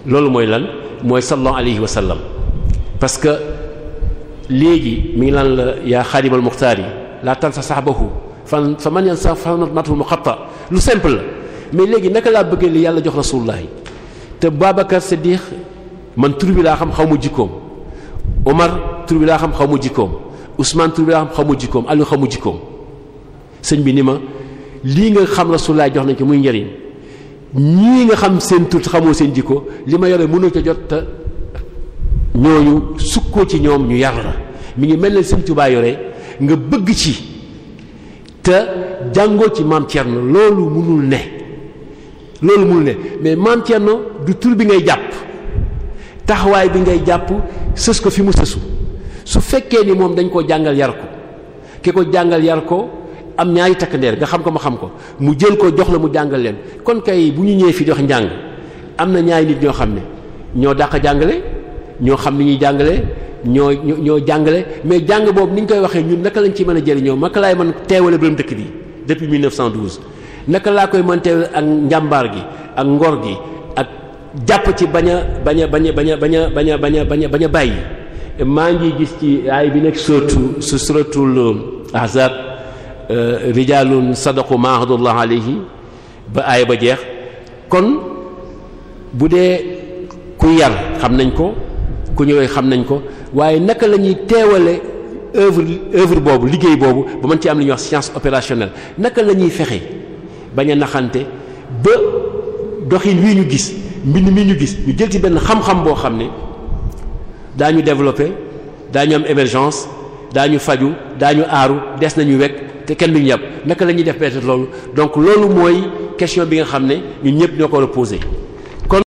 loolu mooy lan mooy sallallahu alayhi wa sallam parce que léegi mu ngi lan la yaa xaadimal muxtaar yi laa tansa sahbahu fan fa man yan sa fanatmatul muxatta lu simple la mais léegi naka laa bëggee li yàlla jox rasulullah yi te Babacar Siddiq man tur bi laa xam xaw ma jikkoom Omar tur bi laa xam xaw mu jikkoom Ousmane tur bi laa xam xaw ma jikkoom Aliou xaw ma jikkoom sëñ bi ni ma lii nga xam rasulullah jox nañ ci muy njëriñ ñii nga xam seen tur xamoo seen jikko li ma yore mënoo ca jot te ñooñu sukkoo ci ñoom ñu yar la mi ngi mel ne sëñ Tuubaa yore nga bëgg ci te jàngoo ci maam Thierno loolu mënul ne loolu mënul ne mais maam Thierno du tur bi ngay jàpp taxawaay bi ngay jàpp sës ko fi mu sësu su fekkee ni moom dañ koo jàngal yar ko ki ko jàngal yar ko. am ñaari takk der nga xam ko ma xam ko mu jël ko jox la mu jàngal leen kon kay bu ñu ñëwee fi dox njàng am na ñaari nit ñoo xam ne ñoo dàq jàngale ñoo xam ni ñuy jàngale ñoo ñoo jàngale mais jàng boobu ni ñu koy waxee ñun naka lañ ci mën a jëriñoo naka laay mën teewale boroom dëkk bi depuis 1912 naka laa koy mën teewale ak njàmbaar gi ak ngor gi ak jàpp ci bañ a bañ a bañ bañ a bañ a bañ a bañ a bañ a bàyyi maa ngi gis ci ay bi nekk surtout su suratul ahzab Euh, rijalun sadaqu maahadullah alayhi ba aay ba jeex kon bu dee ku yar xam nañ ko ku ñëwee xam nañ ko waaye naka la ñuy teewale œuvre œuvre boobu liggéey boobu ba mën ci am li ñuy wax science opérationnelle naka la ñuy fexe bañ a naxante ba doxin wii ñu gis mbind mi ñu gis ñu jël ci benn xam-xam boo xam ne daañu développer daañu am émergence daañu faju daañu aaru des nañu wekk te kenn duñu yàpp naka la ñuy def peut-être loolu donc loolu mooy question bi nga xam ne ñu ñëpp ñoo ko war a posé kon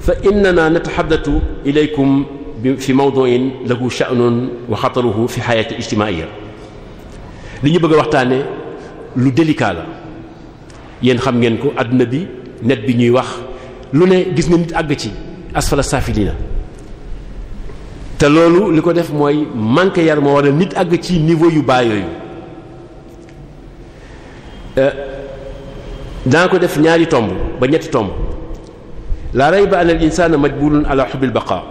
fa innana natahaddatu ilaykum bi fi mawdu'in lahu sha'nun wa xataruhu fi xayaati ijtimaiyya li ñu bëgg a waxtaane lu délicat la yéen xam ngeen ko àdduna bi net bi ñuy wax lu ne gis na nit àgg ci asfala safilina te loolu li ko def mooy manque yar moo waral nit àgg ci niveau yu baa yooyu Euh, dana ko def ñaari tomb ba ñetti tomb la rayba an al insana majbulun ala hubbil baqa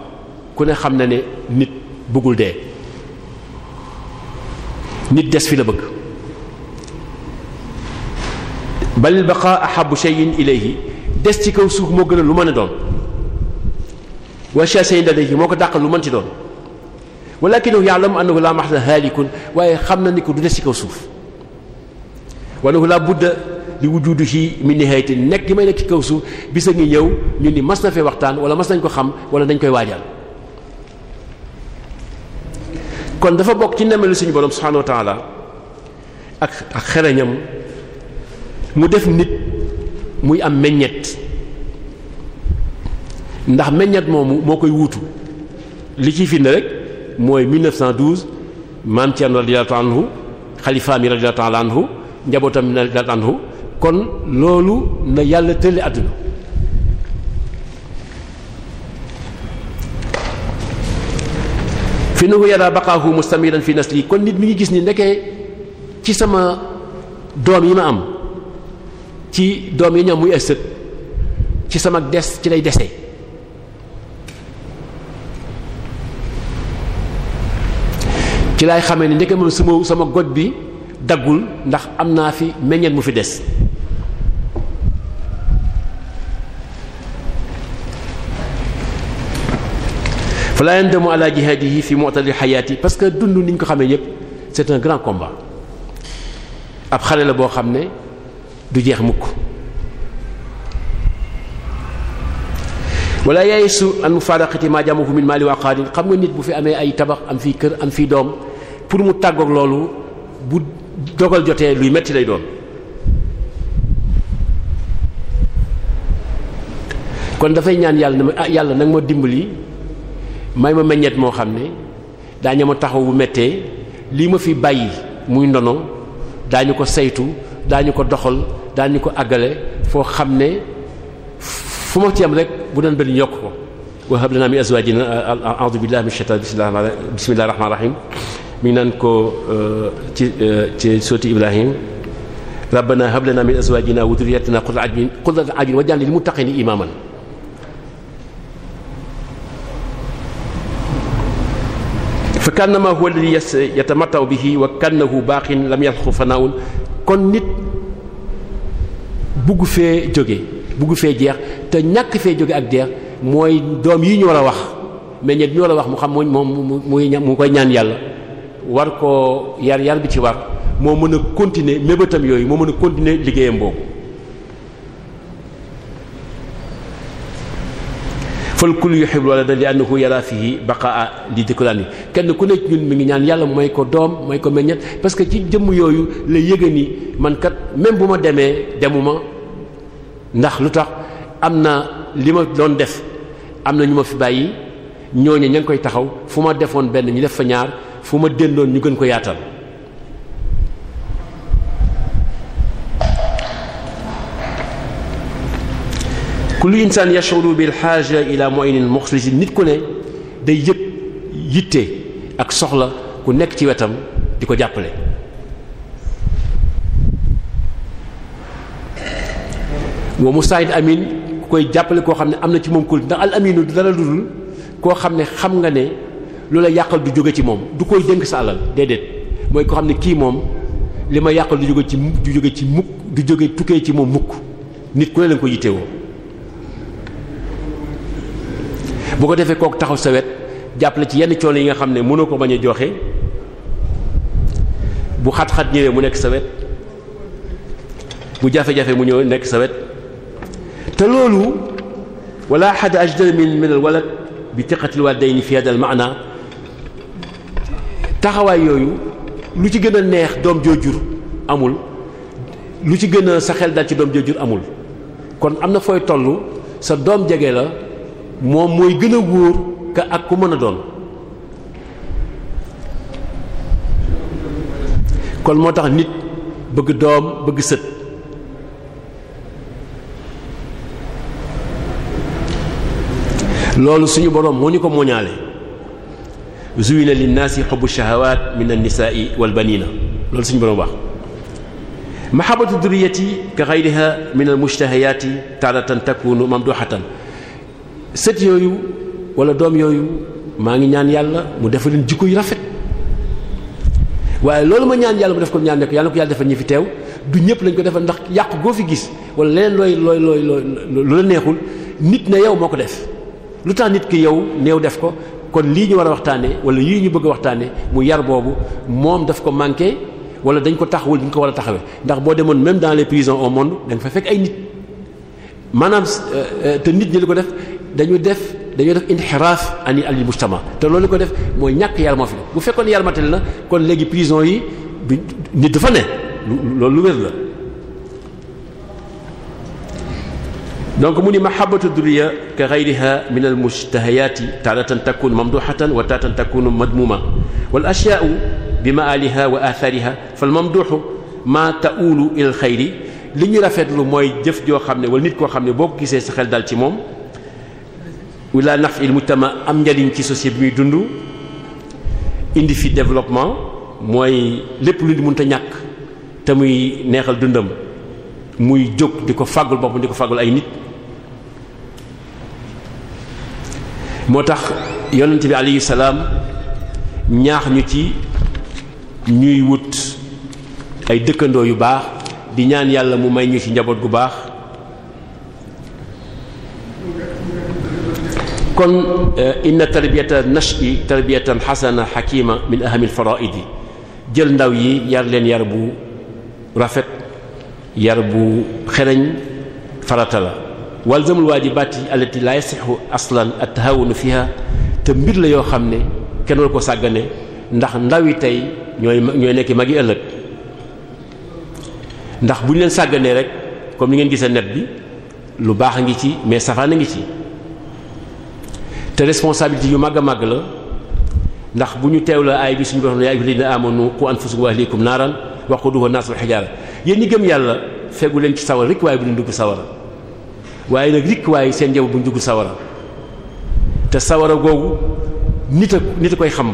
ku ne xam na ne nit bëggul dee nit des fi la bëgg balil baqa ahabu shay'in ilayhi des ci kaw suuf moo gën a lu mën a doon wa shay'in ladayhi moo ko dàq lu mën ci doon walakinahu ya'lamu annahu la mahza halikun waaye xam na ni ko du des ci kaw suuf walahu la budda li wujuduhi min nihayati nekk gi may nekk ci kaw suuf bisa ngi ñëw ñu ni mas na fee waxtaan wala mas nañ ko xam wala dañ koy waajal kon dafa bokk ci nemelu suñu borom subhanahu wa ta'ala ak ak xereñam mu def nit muy am meññet ndax meññet moomu moo koy wuutu li ciy firnde rek mooy 1912 maam Thierno radiyallahu anhu xalifaami radiyallahu anhu njabootam na daan anhu kon loolu na yàlla tëlli àdduna fi nu yaraa baqaahu mustamiran fi nasli kon nit mu ngi gis ni ndekee ci sama doom yi ma am ci doom yi ñam muy ëssët ci sama des ci lay dese ci laay xamee ni ndeke moom sama sama got bi daggul ndax am naa fi meññet mu fi des fala yandamu ala jihadihi fi mu'tal hayati parce que dund ni ñu ko xamee yépp c'est un grand combat ab xale la boo xam ne du jeex mukk wala yayisu an mufaraqati ma jamahu min mali wa qarin xam nga nit bu fi amee ay tabax am fii kër am fii doom pour mu tàggoog loolu bu dogal jotee luy metti lay doon kon dafay ñaan yàlla na ma ah yàlla nag ma dimbali may ma meññeet moo xam ne daañu ma taxaw bu mettee lii ma fi bàyyi muy ndono daañu ko saytu daañu ko doxal daañu ko àggale foo xam ne fu ma ci rek bu doon benn yokk ko wa hab lana min na a'udhu billahi minash shaitani bismillahir rahmanir rahim mi naan ko eh, ci eh, ci soti Ibrahim rabbana hab lana min azwajina wa dhurriyyatina qurrata a'yun qurrata a'yun waj'alna lil muttaqina imaman fa kannama huwa alladhi yatamattaw bihi wa kannahu baqin lam yalqu fana'un kon nit bugg fee jóge bugg fee jeex te ñàkk fee jóge ak jeex mooy doom yi ñu war a wax mais ñett ñu war a wax mu xam mooy moom mu mu koy ñaan yàlla war koo yar yar bi ci war moo mën a continuer mébétam yooyu moo mën a continuer liggéeyam boobu fal kullu yuhibbu waladan li annahu yara fihi baqaa li di yi kenn ku nekk ñun mi ngi ñaan yàlla may ko doom mooy ko meññet parce que ci jëmm yooyu la yëga ni man kat même bu ma demee demuma ndax lu tax am na li ma doon def am na ñu ma fi bàyyi ñooñu ña ngi koy taxaw fu ma defoon benn ñu def fa ñaar fu ma delloon ñu gën ko yaatal kullu insaan yashuru bil xaaja ila mu'inil muxlis nit ku ne day yëg yitte ak soxla ku nekk ci wetam di ko jàppale wa musaayid amin ku koy jàppale koo xam ne am na ci moom kul ndax al aminu dara ludul koo xam ne xam nga ne loolu la yàqal du jóge ci moom du koy dénk sa alal déedéet mooy ko xam ne kii moom li ma yàqal du jóge ci du jóge ci mukk du jóge tukkee ci moom mukk nit ku ne lañ ko yittewoo bu ko defee kooku taxaw sawet wet jàppale ci yenn coono yi nga xam ne mënoo ko bañ a joxe bu xat-xat ñëwee mu nekk sawet bu jafe-jafe mu ñëw nekk sawet te loolu wala ahad ajdar min min al walad bi tiqatil waldayni fi hada al maana taxawaay yooyu lu ci gën a neex doom joojur amul lu ci gën a sa xel dal ci doom joojur amul kon am na fooy toll sa doom jege la moom mooy gën a wóor ka ak ku mën a doon kon moo tax nit bëgg doom bëgg sët loolu suñu boroom moo ñu ko moñaale zuwina linnaasi xubbu shahawaat min annisaai walbanina loolu suñu borom wax mahabatu duriyati ka xayriha min almushtahayaati taaratan takunu mamduhatan sët yooyu wala doom yooyu maa ngi ñaan yàlla mu defal leen jikko yu rafet waaye loolu ma ñaan yàlla mu def ko ñaan ne yàlla ko yàlla defal ñi fi teew du ñëpp lañ ko defal ndax yàq goo fi gis wala leneen looy looy looy looy lu la neexul nit ne yow moo ko def lu tax nit ki yow néew def ko kon lii ñu war a waxtaanee wala yii ñu bëgg a waxtaanee mu yar boobu moom daf ko manqué wala dañ ko taxawul dañ ko war a taxawee ndax boo demoon même dans les prisons au monde da fa fekk ay nit maanaam euh, euh, te nit ñi li ko def dañu def. dañoo def inxiraaf ani al mujtama te loolu ko def mooy ñàkk yar moo bu fekkoon yar matal kon léegi prison yi bi nit dafa ne loolu lu wér la donc mu ni ma mahabatu duriya ka gayriha min al mustahayaati taaratan takunu mamduxatan wa taatan takunu madmuma wal ashyaau bi ma maaliha wa athariha fan mamduxu ma taulu ila al xayri li ñu lu mooy jëf joo xam ne wala nit koo xam ne boo ko gisee sa xel dal ci moom wala naf il mujtama am njariñ ci société bi muy dund indi fi développement mooy lépp lu nit mënta ñàkk te muy neexal dundam muy jóg di ko fàggul boppam di ko fàggul ay nit moo tax yonent bi alayhi salaam ñaax ñu ci ñuy wut ay dëkkandoo yu baax di ñaan yàlla mu may ñu ci njaboot gu baax kon eh, inna tarbiyata nashi tarbiyatan xasana xakima min ahamil faraidi jël ndaw yi yar leen yar bu rafet yar bu xereñ farata la walzamul waajibaat yi allati la yasixu aslan at-tahawunu fiha te mbir la yoo xam ne kenn war ko sàggane ndax ndaw yi tey ñooy mag ñooy nekk mag yi ëllëg ndax bu ñu leen sàgganee rek comme ni ngeen gisee net bi lu baax a ngi ci mais safaan a ngi ci te responsabilité yu mag a màgg la ndax bu ñu teew la ay bi suñu borom yaa ayyuhal ladina amanu qu anfusakum wa ahlikum naaran waquduha an-nas wal hijara yéen ñi gëm yàlla fegu leen ci sawar rek waaye bu leen dugg waaye nag rikk waaye seen njaboot bu ñu sawara te sawara googu nit a nit a koy xam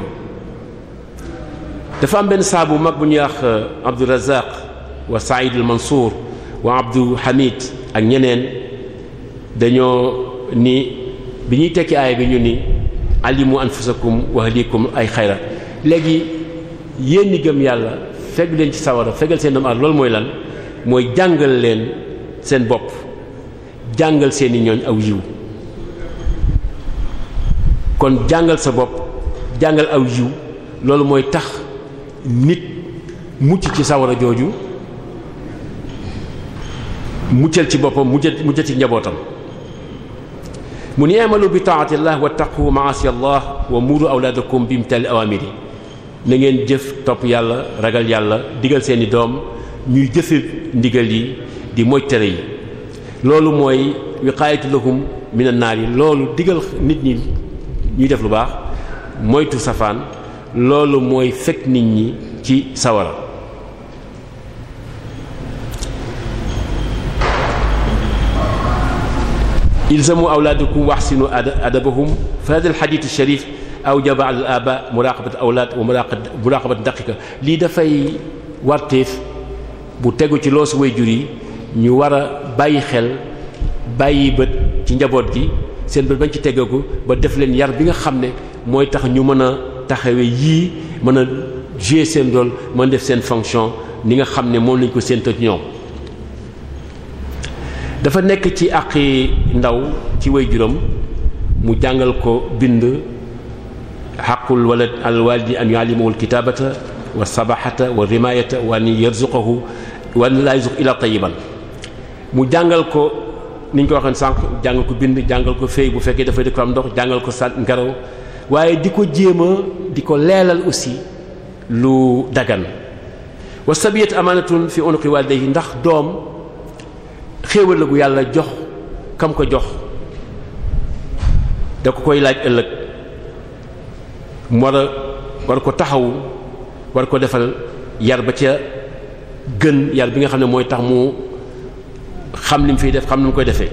dafa am benn saabu mag bu ñuy wax euh, Abdou Razaq wa Saïd al wa Abdou Hamid ak ñeneen dañoo ni bi ñuy tekki aay bi ñu ni alimu anfusakum wa ahlikum ay xayra léegi yéen ñi gëm yàlla fegg leen ci sawara fegal seen doomu aadama loolu mooy lan mooy jàngal leen seen bopp jàngal seeni ñooñ aw yiw kon jàngal sa bopp jàngal aw yiw loolu mooy tax nit mucc ci sawara jooju muccal ci boppam muccal ci njabootam mu ni amalu bi taatillah wattaqu maasiyallah wa muru awlaadakum bi imtali awamiri na ngeen jëf topp yàlla ragal yàlla digal seeni doom ñuy jëfil ndigal yi di moy tere yi loolu mooy wiqaayatu lahum minan naar yi loolu digal nit ñi ñuy def lu baax moytu safaan loolu mooy fekk nit ñi ci sawara ilzamu awlaadakum waxsinu adabahum fa hada alxadit sharif awjaba ala al aba muraqabat awlaad wa muraqabat daqiqa lii dafay warteef bu tegu ci loosu way jur yi ñu war a bàyyi xel bàyyi bët ci njaboot gi seen bët bañ ci teggaku ba def leen yar bi nga xam ne mooy tax ñu mën a taxawe yii mën a jouer seen rôle mën def seen fonction ni nga xam ne moom lañ ko séentoo ci ñoom dafa nekk ci àqi ndaw ci waajuram mu jàngal ko bind xaqul walad al walidi an yuallimahu alkitabata wa sabaxata wa rimayata wa an yarzuqahu wa an la yarzuq ila tayiban mu jàngal ko niñ ñu ko waxee sànq jàngal ko bind jàngal ko fey bu fekkee dafay dëkk fa am ndox jàngal ko sàn ngelaw waaye di ko jéem a di ko leelal aussi lu dagan wa sabiyat amanatun fi unuqi walidayhi ndax doom xéewal la gu yàlla jox kam ko jox da ko koy laaj ëllëg mu war a war ko taxawu war ko defal yar ba ca gën yar bi nga xam ne mooy tax mu xam li mu fiy def xam ni mu koy defee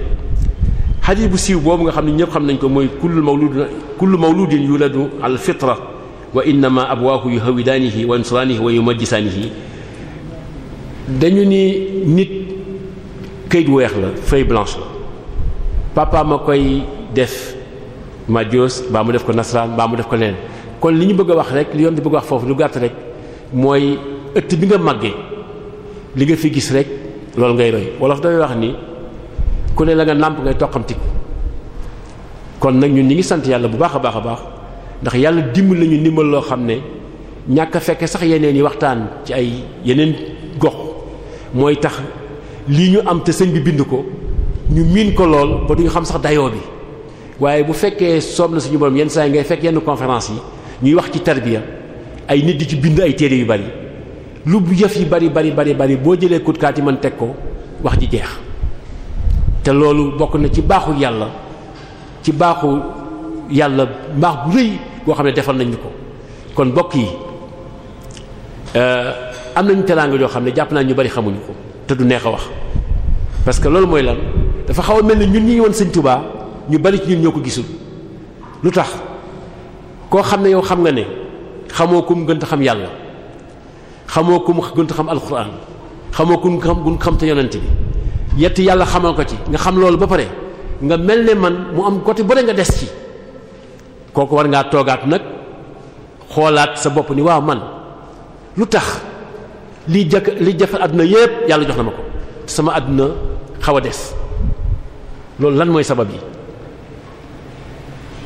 xadis bu siiw boobu nga xam ne ñëpp xam nañ ko mooy kullu mawludin kullu mawludin yuladu al fitra wa innama abwaahu yuhawidaanihi wa yunusraanihi wa yumajjisaanihi dañu ni nit këyit weex la feuille blanche la papa ma koy def ma joos baa mu def ko nasaraan mbaa mu def ko leneen kon li ñu bëgg a wax rek li yoon di bëgg a wax foofu lu gàtt rek mooy ëtt bi nga màggee li nga fi gis rek loolu ngay roy wolof day wax ni ku ne la nga nàmp ngay toqamtik kon nag ñu ñi ngi sant yàlla bu baax a baax a baax ndax yàlla dimbal nañu ndimbal loo xam ne ñàkk a fekke sax yeneen yi waxtaan ci ay yeneen gox mooy tax lii ñu am te sëñ bi bind ko ñu miin ko lool ba duñu xam sax dayoo bi waaye bu fekkee soob na suñu borom yenn saa yi ngay fekk yenn conférence yi ñuy wax ci tarbiya ay nit di ci bind ay téere yu bari lu jëf yi bari bari bari bari boo jëlee kutkaat yi man teg ko wax ji jeex te loolu bokk na ci baaxu yàlla ci baaxu yàlla mbaax bu rëy boo xam ne defal nañu ko kon mbokk yi euh, am nañu teraanga yoo xam ne jàpp naa ñu bari xamuñu ko te du neex a wax parce que loolu mooy lan dafa xaw a mel ni ñun ñi woon Sëñ Tuubaa ñu bari ci ñun ñoo ko gisul lu tax koo xam ne yow xam nga ne xamoo kum gën a xam yàlla xamoo ku mu gën a xam alxuraan xamoo ku mu xam te yonent bi yett yàlla xamal ko ci nga xam loolu ba pare nga mel ne man mu am côté bare nga des ci kooku war ngaa toogaat nag xoolaat sa bopp ni waaw man lu tax li jëkk li jafal àdduna yépp yàlla jox na ma ko sama àdduna xaw a des loolu lan mooy sabab yi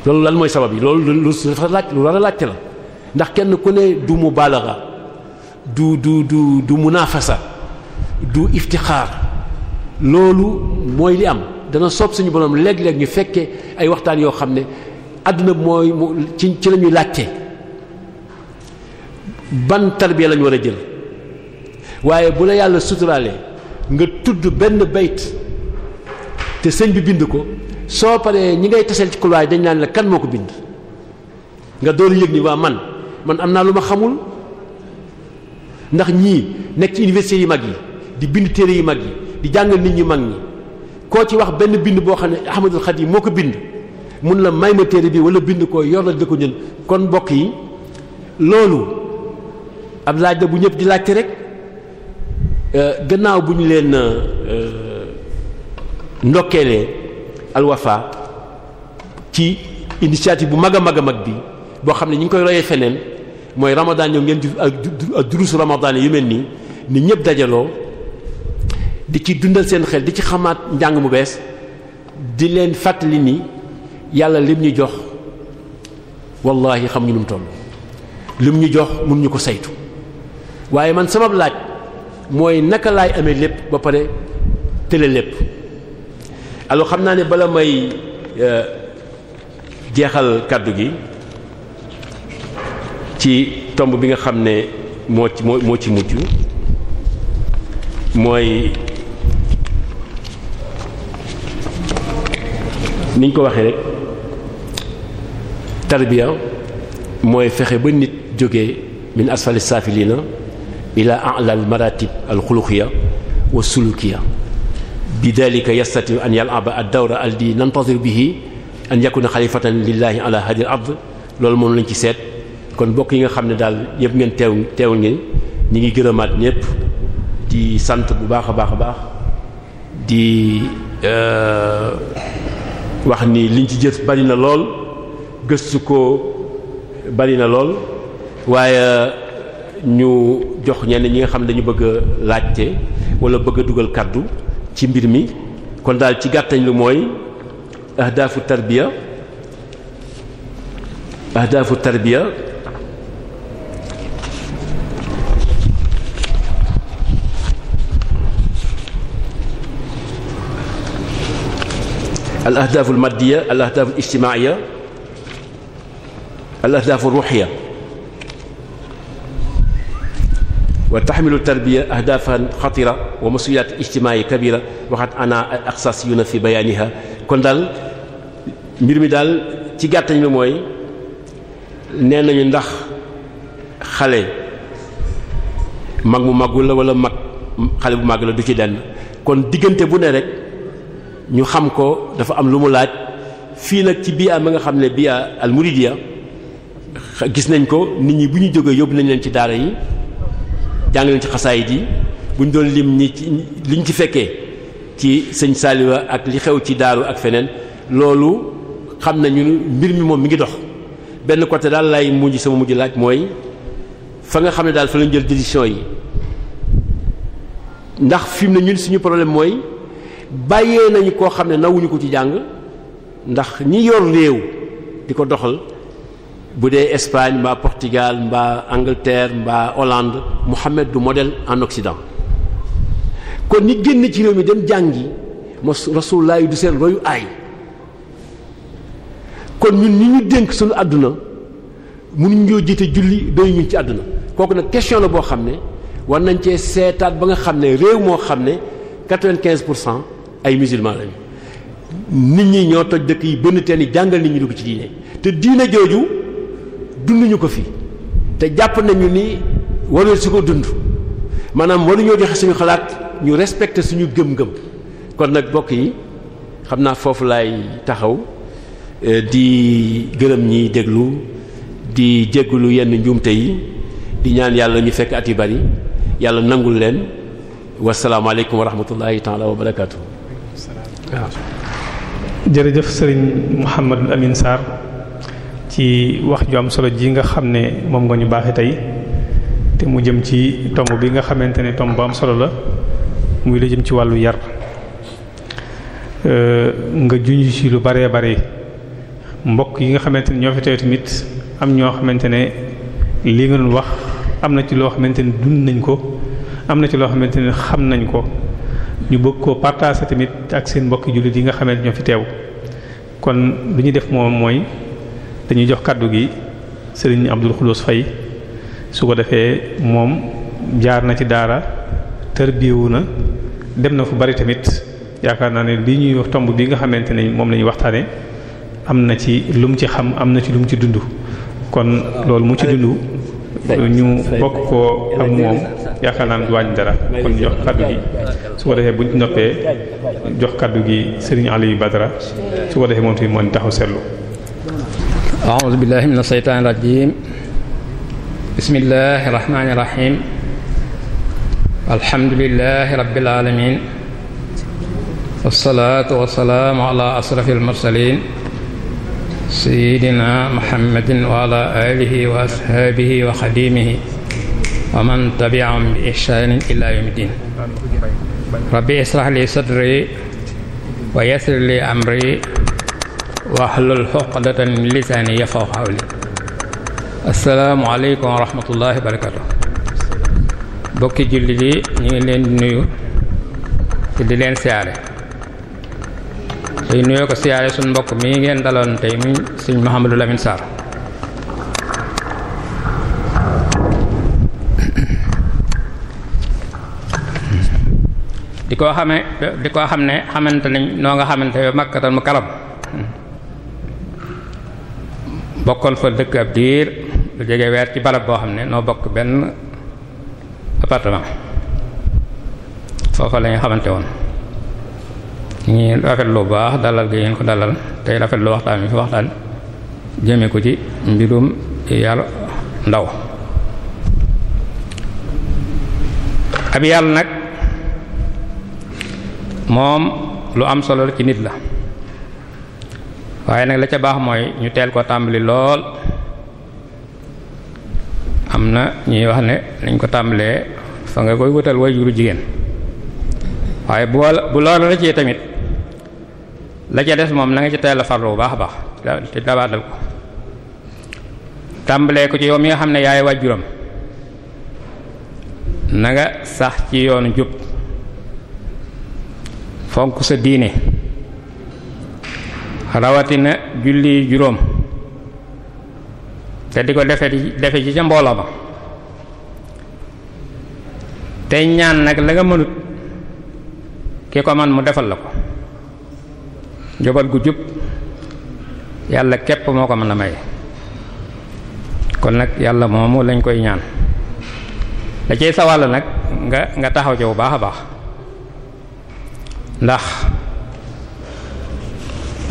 loolu lan mooy sabab yi loolu lu lu laaj lu war a laajte la ndax kenn ku ne du mu baalaxa du du du du munafasa du iftixaar loolu mooy li am dana soob suñu borom léeg-léeg ñu fekkee ay waxtaan yoo xam ne àdduna mooy ci ci lañuy ñuy laajte ban tarbiya lañ war a jël waaye bu la yàlla suturaalee nga tudd benn bayt te sëñ bi bind ko soo paree ñi ngay taseel ci couloir dañ naan la kan moo ko bind nga door yëg ni waa man man am naa lu ma xamul. ndax ñii nekk ci université yi mag yi di bind téere yu mag yi di jàngal nit ñi mag ñi koo ci wax benn bind boo xam ne Ahmadul Khadim moo ko bind mun la may ma téere bi wala bind ko yor la di ko kon mbokk yi loolu ab laaj la bu ñëpp di laajte rek euh, gannaaw bu ñu leen euh, ndokkeelee alwafa ci initiative bu mag a mag a mag bi boo xam ne ñu ngi koy royee feneen mooy ramadan ñëw ngeen di ak durusu ramadan yu mel nii ni ñëpp dajaloo di ci dundal seen xel di ci xamaat njàng mu bees di leen fàttali nii yàlla lim ñu jox wallahi xam ñu lu mu toll lim ñu jox mun ñu ko saytu waaye man sama laaj mooy naka laay amee lépp ba pare tële lépp alors xam naa ne bala may euh, jeexal kàddu gi ci tomb bi nga xam ne moo ci mujj mooy niñ ko waxee rek tarbiya mooy fexe ba nit jóge min asfali safilina ila a'la al maratib al xuluqiya wa sulukiya bi dalika yastati an yal'aba ad dawra aldi nantazir bihi an yakuna xalifatan lillahi ala hadi al loolu moom lañ ci seet kon bokk yi nga xam ne daal yëpp ngeen teew teew ngeen ñi ngi gërëmaat ñëpp di sant bu baax a baax a baax di euh, wax ni liñ ci jëf bari na lool gëstu ko bari na lool waaye euh, ñu jox ñenn ñi nga xam ne dañu bëgg a laajte wala bëgg a dugal kaddu ci mbir mi kon daal ci gàttañ lu mooy ahdaafu tarbiya ahdaafu tarbiya al ahdaaful maddiya al ahdaaful al ahdaaful ruuxiya wa taxmilu tarbiya ahdaafan xatira wa masuliyaat ijtimaaya kabira waxat ana ay aqsas yu na fi bayaaniha kon daal mbir mi daal ci gàttañ mooy nee nañu ndax xale mag mu màggul la wala mag xale bu màgg la du ci denn kon diggante bu ne rek ñu xam ko dafa am lu mu laaj fii nag ci bii am nga xam ne bii al muridiya gis nañ ko nit ñi bu ñu jógee yóbbu nañ leen ci daara yi jàng ci xasaayit yi bu ñu doon lim ñi ci liñ ci fekkee ci sëñ Saliwa ak li xew ci daaru ak feneen loolu xam nañu mbir mi moom mi ngi dox benn côté daal lay mujj sama mujj laaj mooy fa nga xam ne daal fa lañ jël décision yi ndax fi mu ne ñun suñu problème mooy. bàyyee nañu koo xam ne nawuñu ko ci jàng ndax ñi yor réew di ko doxal bu dee Espagne mbaa Portugal mbaa Angleterre mbaa Hollande Mohammed du model en Occident kon ñi génn ci réew mi dem jàngi ma rasulullah yi du seen royu aay kon ñun ñi ñu dénk suñu àdduna mënuñ ñoo jiite julli doy ci àdduna kooku nag question la boo xam ne war nañ cee seetaat ba nga xam ne réew moo xam ne quatre vingt pour cent ay musulman lañu nit ñi ñoo toj dëkk yi bënn teen yi jàngal nit ñi dugg ci diine te diine jooju dunduñu ko fi te jàpp nañu ni waruñu su ko dund maanaam waruñoo joxe suñu xalaat ñu respecté suñu gëm-gëm kon nag bokk yi xam naa foofu laay taxaw eh, di gërëm ñiy déglu di jéggulu yenn njuumte yi di ñaan yàlla ñu fekk at yu bari yàlla nangul leen wasalaamaaleykum wa rahmatullahi taala wa barakaatu. waaw jërëjëf sëriñ Mouhamadou amin Sarr ci wax ju am solo ji nga xam ne moom nga ñu baaxe tey te mu jëm ci tomb bi nga xamante ne tomb bu am solo la muy la jëm ci wàllu yar euh, nga junj ci lu baree bare mbokk yi nga xamante ne ñoo fi tey tamit am ñoo xamante ne li nga doon wax am na ci loo xamante ne dund nañ ko am na ci loo xamante ne xam nañ ko ñu bëgg koo partager tamit ak seen mbokki jullit yi nga xamee ñoo fi teew kon lu ñu def moom mooy dañuy jox kàddu gi sëriñ Abdul Xulus Fay su ko defee moom jaar na ci daara tërbiyewu na dem na fu bari tamit yaakaar naa ne li ñuy wax tomb bi nga xamante ne moom lañuy ñuy waxtaane am na ci lum ci xam am na ci lum ci dund kon loolu mu ci dund ñu bokk ko ak moom yaakaar naa ne du dara kon jox kaddu gi su ko noppee jox kaddu gi Serigne Aliou Badara su ko defee moom tamit moo ñu taxaw seetlu. a'uuzu billaahi mina shaytaani rajiim bismillaahi rahmaani rahiim alhamdulillaahi rabbil aalamiin wassalaatu wassalaamu alaa ashrafil mursaliin sayyidinaa wa man tabiahum bi ihsaanin ilaa yawmi diin rabbi israh li sadri wa yassir li amri wahlul uqdatan min lisaani yafqahu qawli assalaamu aleykum wa rahmatullahi wa bokki julli di ñu ngi leen di nuyu te di leen siyaare tey nuyoo ko ngeen daloon tey mi suñ Mouhamadou Lamine Sarr di koo xame di koo xam ne xamante nañ noo nga xamante ne makkatal mu karam bokkoon fa dëkk ab diir lu jege weer ci barab boo xam ne noo bokk benn appartement foofa la ñu xamante woon ñu rafet lu baax dalal gi ko dalal tey rafet lu waxtaan bi fi waxtaan jëme ko ci mbirum yar ndaw ab yàlla nag moom lu am solo la ci nit la waaye nag la ca baax mooy ñu teel ko tàmbali lool am na ñuy wax ne nañ ko tàmbalee fa nga koy wutal wayjuru jigéen waaye bu bu loolu la ci tamit la ca des moom na nga ci teel a farlu bu baax a baax te dabaatal ko tàmbalee ko ci yow mi nga xam ne yaay waajuram na sax ci yoonu jub fonk sa diine rawatina julli juróom te di ko defe defe ci ca mbooloo ma tey ñaan nag la nga mënut ki ko man mu defal la ko jobal gu jub yàlla képp moo ko mën a may kon nag yàlla moomu lañ koy ñaan da cey sawal nag nga nga taxaw ca bu baax a baax ndax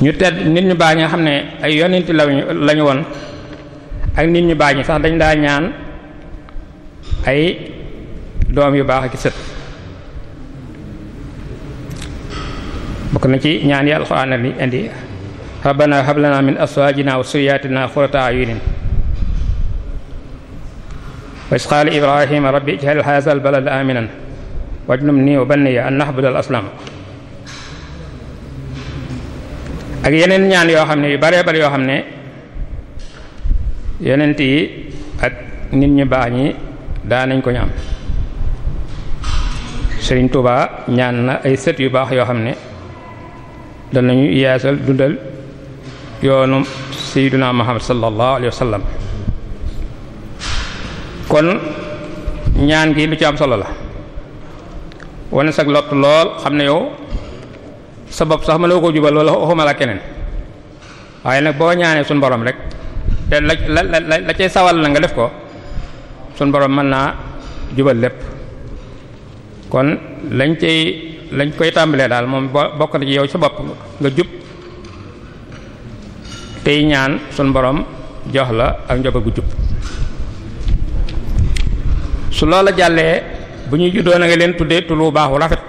ñu tedd nit ñu baax ñi xam ne ay yonenti lañu lañu woon ak nit ñu baax ñi sax dañ daa ñaan ay doom yu baax ak sët bokk na ci ñaan yi alxuraan bi indi rabbana hab lana min aswaajina wa suriyaatina xurata ayunin wa is qaala ibrahima rabbi ij'al haazal balada aminan wajnubnii wa bannii an na'budal asnaam ak yeneen ñaan yoo xam ne yu baree bari yoo xam ne yeneen yi ak nit ñi baax ñi daa nañ ko ñaan Sëriñ Tuubaa ñaan na ay sët yu baax yoo xam ne danañu yeesal dundal yoonu Seydina Muhammad sallallahu alayhi wa kon ñaan gi lu ci am solo la wane sag lott lool xam ne yow sa bopp sax mënoo ko jubal wala waxuma la keneen waaye nag boo ñaanee suñ boroom rek te la la la la sawal la nga def ko suñ borom mën naa jubal lépp kon lañ cay lañ koy tàmbalee daal moom bokk na ci yow sa bopp nga jub tey ñaan suñ boroom jox la ak njaboot gu jub su loola jàllee bu ñuy juddoo na nga leen tuddee tulu baaxu rafet.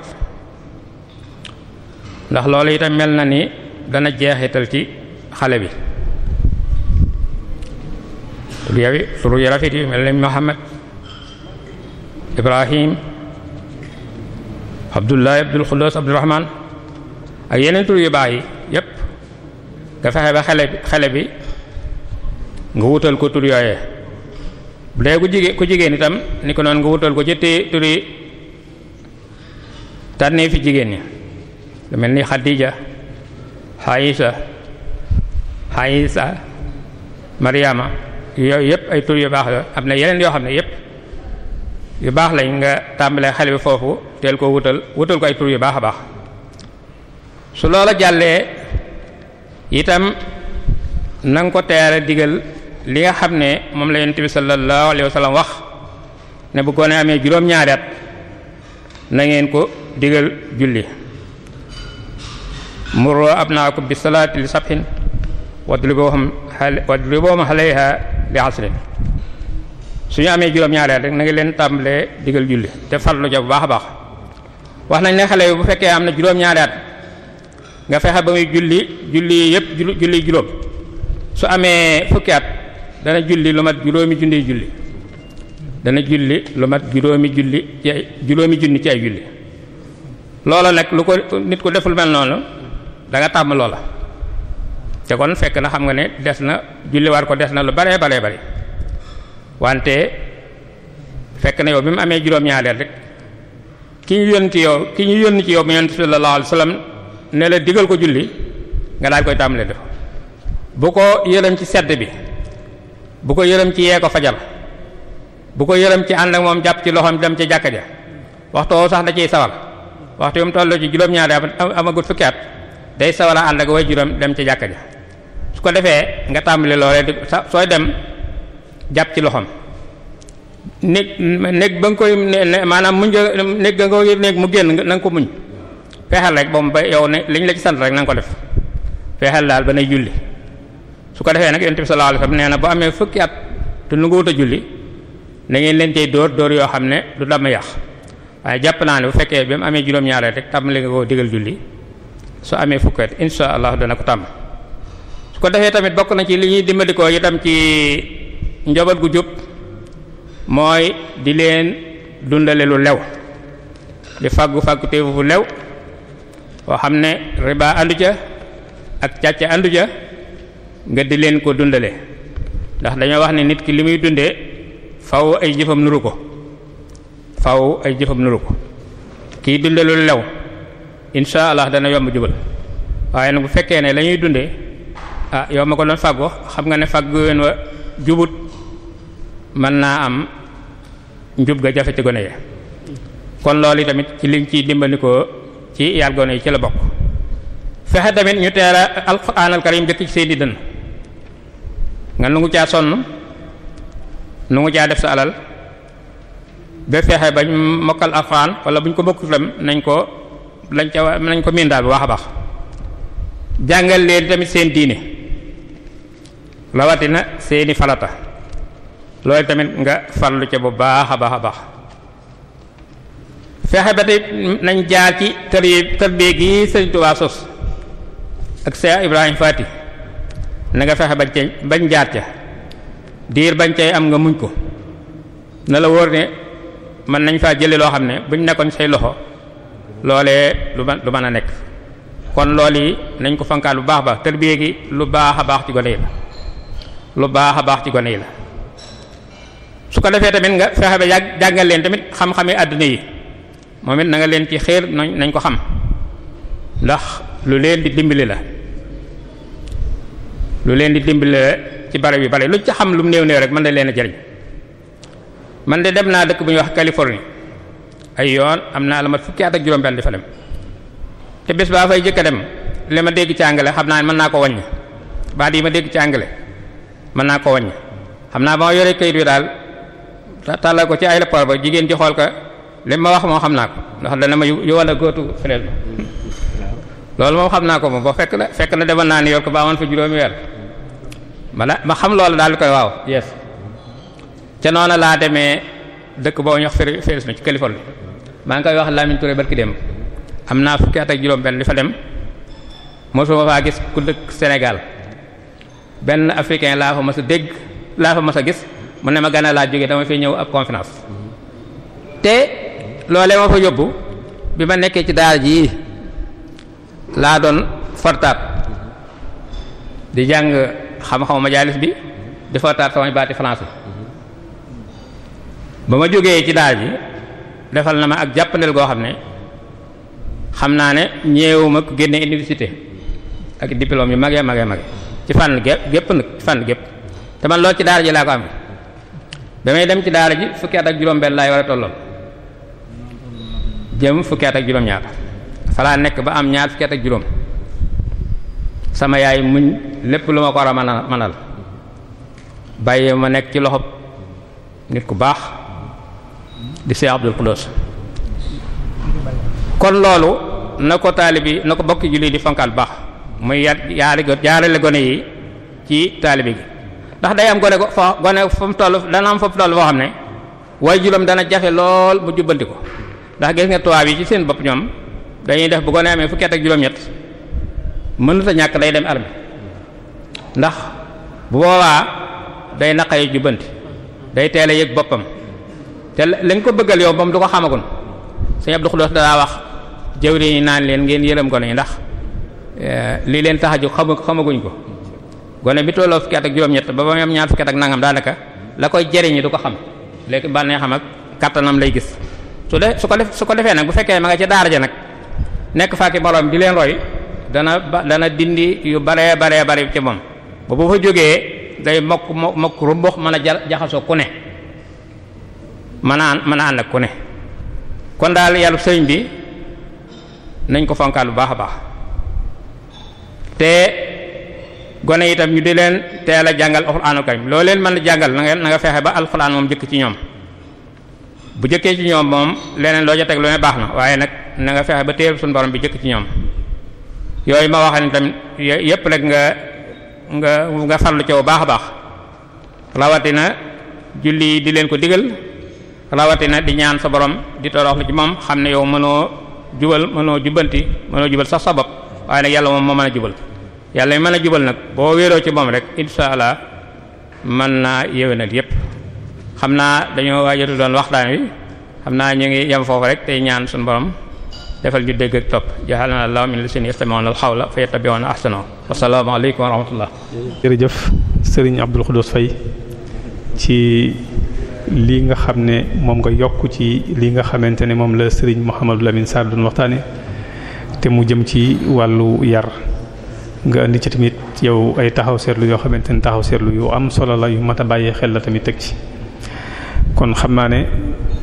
ndax loolu itam mel na ni dana jeexital ci xale bi tur yawi tur yu yi mel ni Muhammad Ibrahim Abdullahi Abdul Xuddos Abdurahman ak yeneen tur baax yi yépp nga fexe ba xale bi xale bi nga wutal ko tur yooyee bu dee ku jigéen ku jigéen itam ni ko noonu nga wutal ko ci té tànnee fi jigéen ñi lu mel ni Khadija Aïsa Aïsa Mariama yooyu yëpp ay tur yu baax la am na yeneen yoo xam ne yëpp yu baax lañ nga tàmbalee xale bi foofu teel ko wutal wutal ko ay tur yu baax a baax su loola jàllee itam na ko teer digal li nga xam ne moom la yonent bi sallallahu alayhi wax ne bu ko amee juróom-ñaari at na ngeen ko digal julli muroo abnaakum bi salaati li sabhin wadribuhum wadribuhum alayha bi asrin su ñu amee juróom-ñaareel rek na leen tàmbalee digal julli te farlu ja bu baax a baax wax nañ ne xale bi bu fekkee am na juróom-ñaari nga fexe ba muy julli julli yépp julli su amee fukki dana julli lu mat juróomi junni julli dana julli lu mat juróomi julli ci ay juróomi junni ci ay julli loola nag lu ko nit ku deful mel noonu da nga tàmm loola te kon fekk na xam nga ne des na julliwaat ko des na lu bare baree bari wante fekk na yow bi mu amee juróom-ñaareel rek ki ñu yónni ci yow ki ñu yónni ci yow mu yónni sallallahu alayhi wasallam ne la digal ko julli nga daal koy tàmbalee def bu ko yërëm ci sedd bi bu ko yërëm ci yee ko fajal bu ko yërëm ci ànd ak moom jàpp ci loxoom dem ci jàkka ja waxtu sax da ciy sawal waxtu yu mu toll ci juróom-ñaari amagut fukki at day sawar ànd ak way juróom dem ci jàkka ja su ko defee nga tàmbali loolee di sa sooy dem jàpp ci loxoom néeg néeg ba nga koy maanaam muñ néeg nga ko néeg mu génn na nga ko muñ fexeel rek ba mu ba yow ne liñ la ci sant rek na nga ko def fexeel daal ba nay julli su ko defee nag yonent sa sallallahu alayhi wasallam nee na bu amee fukki at te nu nga wut julli na ngeen leen tey dóor dóor yoo xam ne du dama yàq waaye jàpp naa ne bu fekkee bi mu amee juróom-ñaareel rek tàmbali nga koo digal su amee fukki at insha allah dana ko tàmm su ko defee tamit bokk na ci li ñuy dimbalikoo itam ci njaboot gu jub mooy di leen dundale lu lew di fàggu fàggu téefu fu lew boo xam ne riba àndu ca ak càcc àndu ca nga di leen ko dundale ndax dañoo wax ne nit ki li muy dundee faw ay jëfam nuru ko faw ay jëfam nuru ko kiy dundale lu lew incha allah dana yomb jubal waaye nag bu fekkee ne lañuy dunde dundee ah yow ma ko doon fàggoo xam nga ne fàgguween wa jubut mën naa am njub ga jafe ci gone yi kon loolu yi tamit ci liñ ciy dimbandikoo ci yar gone yi ci la bokk fexe tamit ñu teel a alxuraan alkarim dëkk ci seeni dënn nga nu ngu caa sonn nu caa def sa alal ba fexe bañ mokkal alxuraan wala buñ ko bokkut nañ ko lañ ca wa nañ ko mindaal bu baax a baax jàngal leen tamit seen diine rawatina seeni falata loolu tamit nga farlu ca bu baax a baax a baax fexe ba tey nañ jaar ci tër tërbiye gi Sëriñ Tuubaa sos ak Seex Ibrahima Faati na fexe bañ ca bañ jaar ca diir bañ cay am nga muñ ko na la wóor ne mën nañ faa jële loo xam ne buñ nekkoon say loxo loolee lu lu mën a nekk kon lool yi nañ ko fankaat lu baax a baax tërbiyee gi lu baax a baax ci gone yi la lu baax a baax ci gone yi la su ko defee tamit nga fexe ba yàgg jàngal leen tamit xam-xame àdduna yi moom it na nga leen ci xéer nañ ko xam ndax lu leen di dimbali la lu leen di dimbali la ci bare bi bare lu ci xam lu mu néew néew rek mën na leen a jëriñ man de dem naa dëkk bu ñuy wax Californie ay yoon am naa la mat fukki at ak juróom-benn di fa dem te bés baa fay jëkk a dem li ma dégg ci anglais xam naa mën naa ko wàññi baa yi ma dégg ci anglais mën naa ko wàññi xam naa ba yore kayit wi daal tàllal ko ci ay rapport ba jigéen ji ko li ma wax moo xam naa ko ndax ma yowoon loolu moom xam naa ko moom ba fekk na fekk na demoon naa ni yor ko ba amoon fa juróomi weer ma la ma xam loolu daal di koy waaw yes ca noonu laa demee dëkk boo ñox firi firi na ci Californie maa ngi koy wax Lamine Touré barki dem am naa fukki at ak juróom-benn di fa dem mosuma faa gis ku dëkk Sénégal benn africain laa fa mas a dégg laa fa mas a gis mu ne ma Gana laa jóge dama fi ñëw ak conférence te loolee ma fa yóbbu bi ma nekkee ci daara ji laa doon fortaat di jàng xam-xamu majalis bi di fortaat samay baati français ba ma jógee ci daara ji. defal na ma ak jàppandel goo xam ne xam naa ne ñeewuma ku génne université ak diplôme yu magee magee magee ci fànn gépp nag ci fànn gépp te man lool ci daara ji laa ko am ba may dem ci daara ji fukki at ak juróom-benn laay war a jëm fukki at ak juróom-ñaar falaa nekk ba am ñaar fukki at ak juróom sama yaay muñ lépp lu ma ko war a mën a mënal bàyyi ma nekk ci loxo nit ku baax. di Cheikh Abdul Quddus kon loolu na ko taalibi na ko bokki julli di fonkaal baax muy yaari jaarale gone yi ci taalibi gi ndax day am gone ko fa gone fa mu toll dana am fa mu foo xam ne waaye juróom dana jafe lool bu jubbanti ko ndax gis nga tubaab yi ci seen bopp ñoom dañuy def bu gone amee fukki at ak juróom-ñett mënut ñàkk day dem armée ndax bu boobaa day naqaree jubbanti day teel a yëg boppam. te lañ ko bëggal yow moom du ko xamagul sëñ Abdou Khoudoss danaa wax jëwriñ yi naan leen ngeen yërëm ko lañu ndax eh, lii leen tax a jóg xamu xamaguñ ko gone bi tolloo fukki at ak juróom-ñett ba ba mu am ñaar fukki at ak nangam daanaka la koy jëriñi du ko xam léegi bànneexam ak kattanam lay gis su de su ko def su ko defee nag bu fekkee ma nga ca daara ja nag nekk fàkki moroom di leen roy dana dana dindi yu baree baree bari ci moom ba bu fa jógee day mokk mokk rumbox mën a jaxasoo ku ne mën a mën a ànd ak ku ne kon daal yàlla sëriñ bi nañ ko fonkaat bu baax a baax te gone itam ñu di leen teel a jàngal alxuraanu karim loo leen mën a jàngal na nga na nga fexe ba alxuraan moom jëkk ci ñoom bu jëkkee ci ñoom moom leneen loo ca teg lu ne baax na waaye nag na nga fexe ba téer suñu borom bi jëkk ci ñoom yooyu ma waxan ne tamit yépp rek nga nga nga farlu ci bu baax a baax rawatina julli di leen ko digal rawatina di ñaan sa borom di toroxlu ci moom xam ne yow mënoo jubal mënoo jubanti mënoo jubal sax sa bopp waaye nag yàlla moom moo mën a jubal yàlla mi mën a jubal nag boo wéeroo ci moom rek insha allah mën naa yéwénal yépp xam naa dañoo waajatu doon waxtaan wi xam naa ñu ngi yem foofu rek tey ñaan suñu borom defal ñu dégg ak topp ja'alna Allahu min lasina yastami'una al-qawla fa yattabi'una ahsanahu wasalaamu aleykum wa rahmatullah jërëjëf Serigne Abdou Khoudoss Faye lii nga xam ne moom nga yokk ci lii nga xamante ne moom la sëriñ Mouhamadou Lamine Sarr doon waxtaane te mu jëm ci wàllu yar nga indi ci tamit yow ay taxaw seetlu yoo xamante ne taxaw seetlu yu am solo la yu mat a bàyyee xel la tamit teg ci kon xam naa ne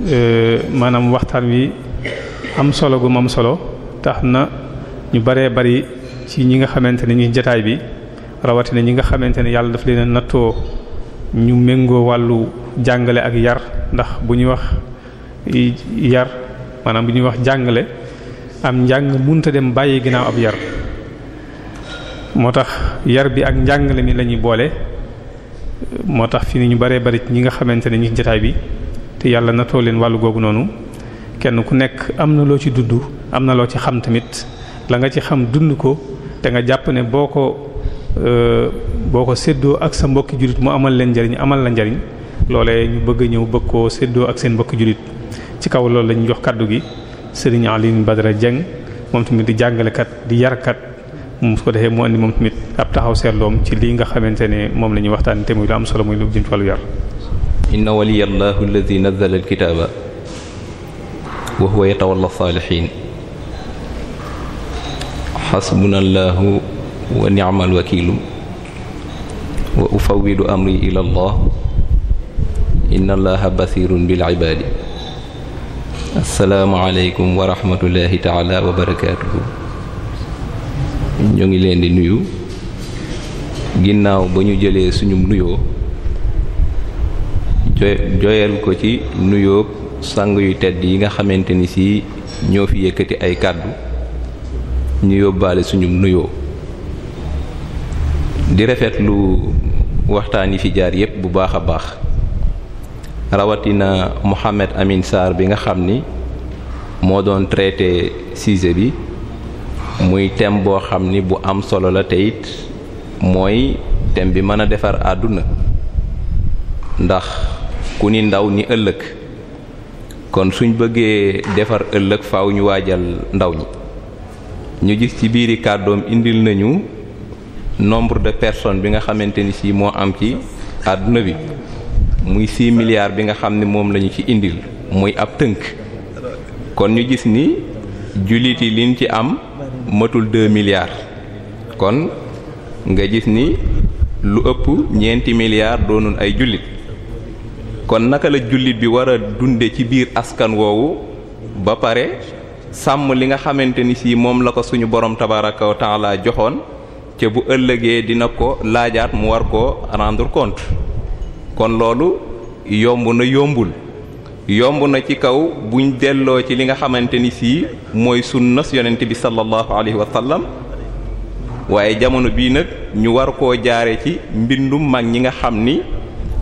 euh, maanaam waxtaan wi am solo gu am solo tax na ñu baree bari ci ñi nga xamante ne ñuy jataay bi rawatina ñi nga xamante ne yàlla daf leen a nattoo ñu méngoo wàllu jàngale ak yar ndax bu ñuy wax yar maanaam bu ñuy wax jàngale am njàng munta dem bàyyi ginnaaw ab yar moo tax yar bi ak njàngale mi lañuy boole moo tax fi ni ñu baree bari ñi nga xamante ne ñi jotaay bi te yàlla na too leen wàll googu noonu kenn ku nekk am na loo ci dudd am na loo ci xam tamit la nga ci xam dund ko te nga jàpp ne boo ko euh, boo ko séddoo ak sa mbokki jullit mu amal leen njariñ amal la njariñ loolee ñu bëgg ñëw bëgg koo séddoo ak seen mbokk jullit ci kaw loolu lañu jox kaddu gi Serigne Alioune Badara Dieng moom tamit di jàngalekat di yarkat mu su ko defee mu andi moom tamit ab taxaw seetloom ci lii nga xamante ne moom la ñuy waxtaan te muy lu am solo muy lu jëm ci wàllu yar inna waliyallahu alladhi nazzala alkitaba wa huwa yatawalla salihin xasbunallahu wa ni'mal wakilu wa ufawwidu amri ila allah inna allaha basirun bil ibaadi assalaamu aleykum wa rahmatullahi taala wa ngi leen di nuyu ginnaaw ba ñu jëlee suñu nuyoo joyal ko ci nuyoo sang yu tedd yi nga xamante ni si ñoo fi yëkkati ay kàddu ñu yóbbaale suñu nuyoo di rafetlu waxtaan yi fi jaar yépp bu baax a baax rawatina Mouhamed Amine Sarr bi nga xam ni moo doon traité sujet bi muy thème boo xam ni bu am solo la te mooy thème bi mën a defar àdduna ndax ku ni ndaw ni ëllëg kon suñ bëggee defar ëllëg faw ñu waajal ndaw ñi ñu gis ci biiri kàddoom indil nañu nombre de personnes bi nga xamante ni si moo am ci àdduna bi muy six milliards bi nga xam ne moom lañu ci indil muy ab tënk kon ñu gis ni jullit yi liñ ci am matul deux milliards kon nga gis ni lu ëpp ñeenti milliards doonul ay jullit kon naka la jullit bi war a dunde ci biir askan woowu ba pare sàmm li nga xamante ni si moom la ko suñu borom tabaraka wa laa joxoon ca bu ëllëgee dina ko laajaat mu war ko rendre compte kon loolu yomb na yombul yomb na ci kaw buñ delloo ci li nga xamante ni sii mooy sunnas yonent bi sallallahu alayhi wa waaye jamono bii nag ñu war koo jaare ci mbindum mag ñi nga xam ni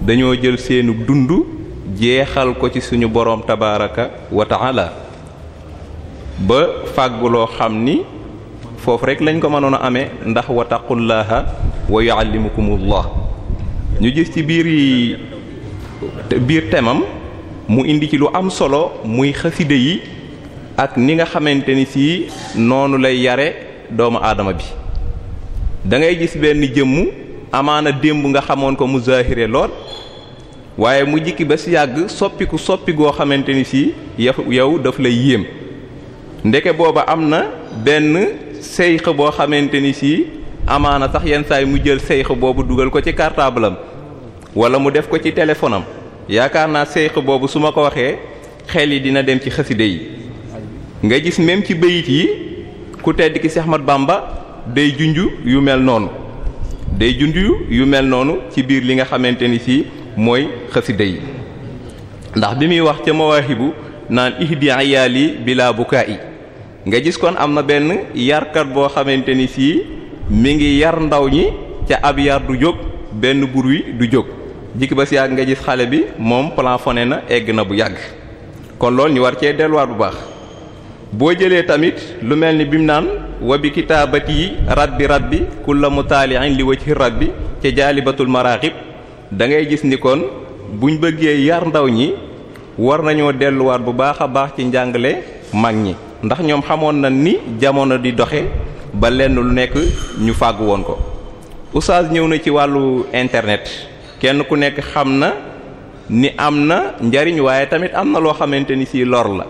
dañoo jël seenu dund jeexal ko ci suñu boroom tabaaraka wa taala ba fàgguloo xam ni foofu rek lañ ko mënoon a ame ndax wa taqullaha wa yuallimukumullah ñu gis ci biir yi biir temam mu indi ci lu am solo muy xaside yi ak ni nga xamante ni sii noonu lay yare doomu aadama bi dangay ngay gis benn jëmm amaana démb nga xamoon ko mu zahire lool waaye mu jikki ba si yàgg soppiku soppi xamante ni si yow daf lay yéem ndeke booba am na benn seyx boo xamante ni si amaana sax yenn saay mu jël seyx boobu dugal ko ci cartable am wala mu def ko ci téléphone yaakaar naa seyx boobu su ma ko waxee xel yi dina dem ci xaside yi nga gis même ci bayit yi ku tedd ki Seex Ahmad Bamba day junj yu mel noonu day junj yu mel noonu ci biir li nga xamante ni si mooy xaside yi ndax bi muy wax ca mawaahibu naan ihdi ayaali bila bukaa yi nga gis kon am na benn yarkat boo xamante ni sii mi ngi yar ndaw ñi ca ab yar du jóg benn bur wi du jóg jikki ba nga gis xale bi moom plafonné na egg na bu yàgg kon loolu ñu war cee delluwaat bu baax boo jëlee tamit lu mel ni bi mu naan wa bi kitaabati rabbi rabbi kulla mutaali'in li wajhi rabbi ca jaalibatul maraaxib da ngay gis ni kon buñ bëggee yar ndaw ñi war nañoo delluwaat bu baax a baax ci njàngale mag ñi ndax ñoom xamoon na ni jamono di doxe ba lenn lu nekk ñu fàgg woon ko oustaz ñëw na ci wàllu internet kenn ku nekk xam na ni am na njariñ waaye tamit am na loo xamante ni si lor la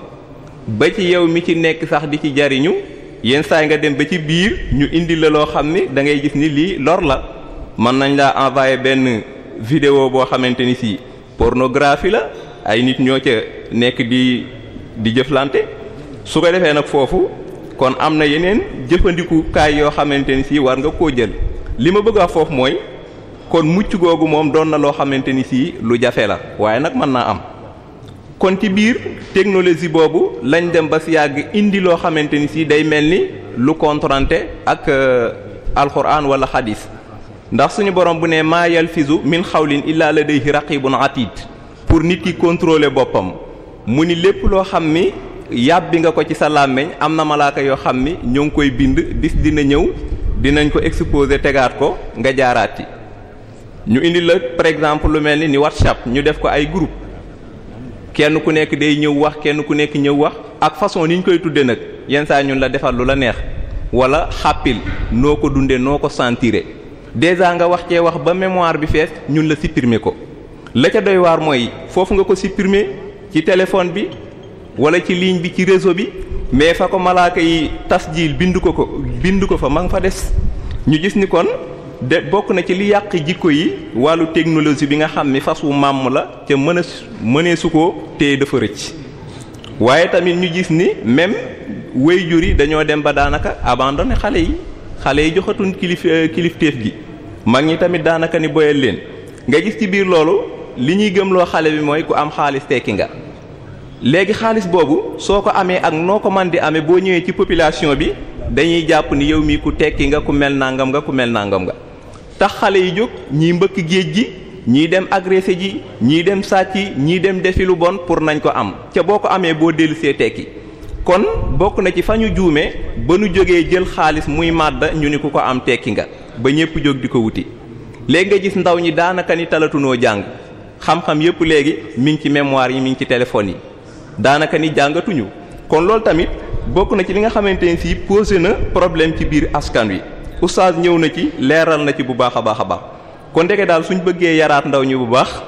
ba ci yow mi ci nekk sax di ci jariñu yenn saa nga dem ba ci biir ñu indi la loo xam ni da ngay gis ni lii lor la mën nañ laa envoyer benn vidéo boo xamante ni si pornographie la ay nit ñoo ca nekk di di jëflante su ko defee nag foofu kon am na yeneen jëfandikukaay yoo xamante ni si war nga koo jël li ma bëgg a foofu mooy kon mucc googu moom doon na loo xamante ni si lu jafe la waaye nag mën naa am kon ci biir technologie boobu lañ dem ba si yàgg indi loo xamante ni si day mel ni lu contrante ak euh, alxuraan wala xadis ndax suñu borom bu ne maa yalfizu min xawlin illaa ladayhi raqibun atid pour nit ki contrôler boppam mu ni lépp loo xam ni bi nga ko ci sa làmmiñ am na malaaka yoo xam ni ñoo ngi koy bind bis dina ñëw dinañ ko exposer tegaat ko nga jaaraati ñu indi la par exemple lu mel ni ni WhatsApp ñu def ko ay groupe kenn ku nekk day ñëw wax kenn ku nekk ñëw wax ak façon ni ñu koy tuddee nag yenn saa ñun la defar lu la neex wala xàppil noo ko dundee noo ko sentiré déjà nga wax cee wax ba mémoire bi fees ñun la supprimer ko la ca doy waar mooy foofu nga ko supprimer ci téléphone bi. wala ci ligne bi ci réseau bi mais fa ko malaaka yi tasjiil bind ko ko bind ko fa ma nga fa des ñu gis ni kon de bokk na ci li yàq jikko yi wàllu technologie bi nga xam ni fasu màmm la ca mën a ko te dafa rëcc waaye tamit ñu gis ni même waajur yi dañoo dem ba daanaka abandonné xale yi xale yi joxatuñ kilif euh, kilifteef gi mag ñi tamit daanaka ni boyal leen nga gis ci biir loolu li ñuy gëmloo xale bi mooy ku am xaalis tekki nga léegi xaalis boobu soo ko amee ak noo ko man di amee boo ñëwee ci population bi dañuy jàpp ni yow mii ku tekki nga ku mel nangam nga ku mel nangam nga tax xale yi jóg ñii mbëkk géej gi ñii dem agressé ji ñii dem sàcc ñii dem defilu bon pour nañ ko am ca boo ko amee boo dellusee tekki kon bokk na ci fa ñu juumee ba nu jógee jël xaalis muy màdda ñu ni ku ko am tekki nga ba ñépp jóg di ko wuti léegi nga gis ndaw ñi daanaka ni talatunoo jàng xam-xam léegi mi ngi ci mémoire yi mi ci téléphone yi daanaka ni jàngatuñu kon loolu tamit bokk na ci li nga xamante ne si posé na problème ci biir askan wi oustaz ñëw na ci leeral na ci bu baax a baax a baax kon ndeke daal suñ bëggee yaraat ndaw ñi bu baax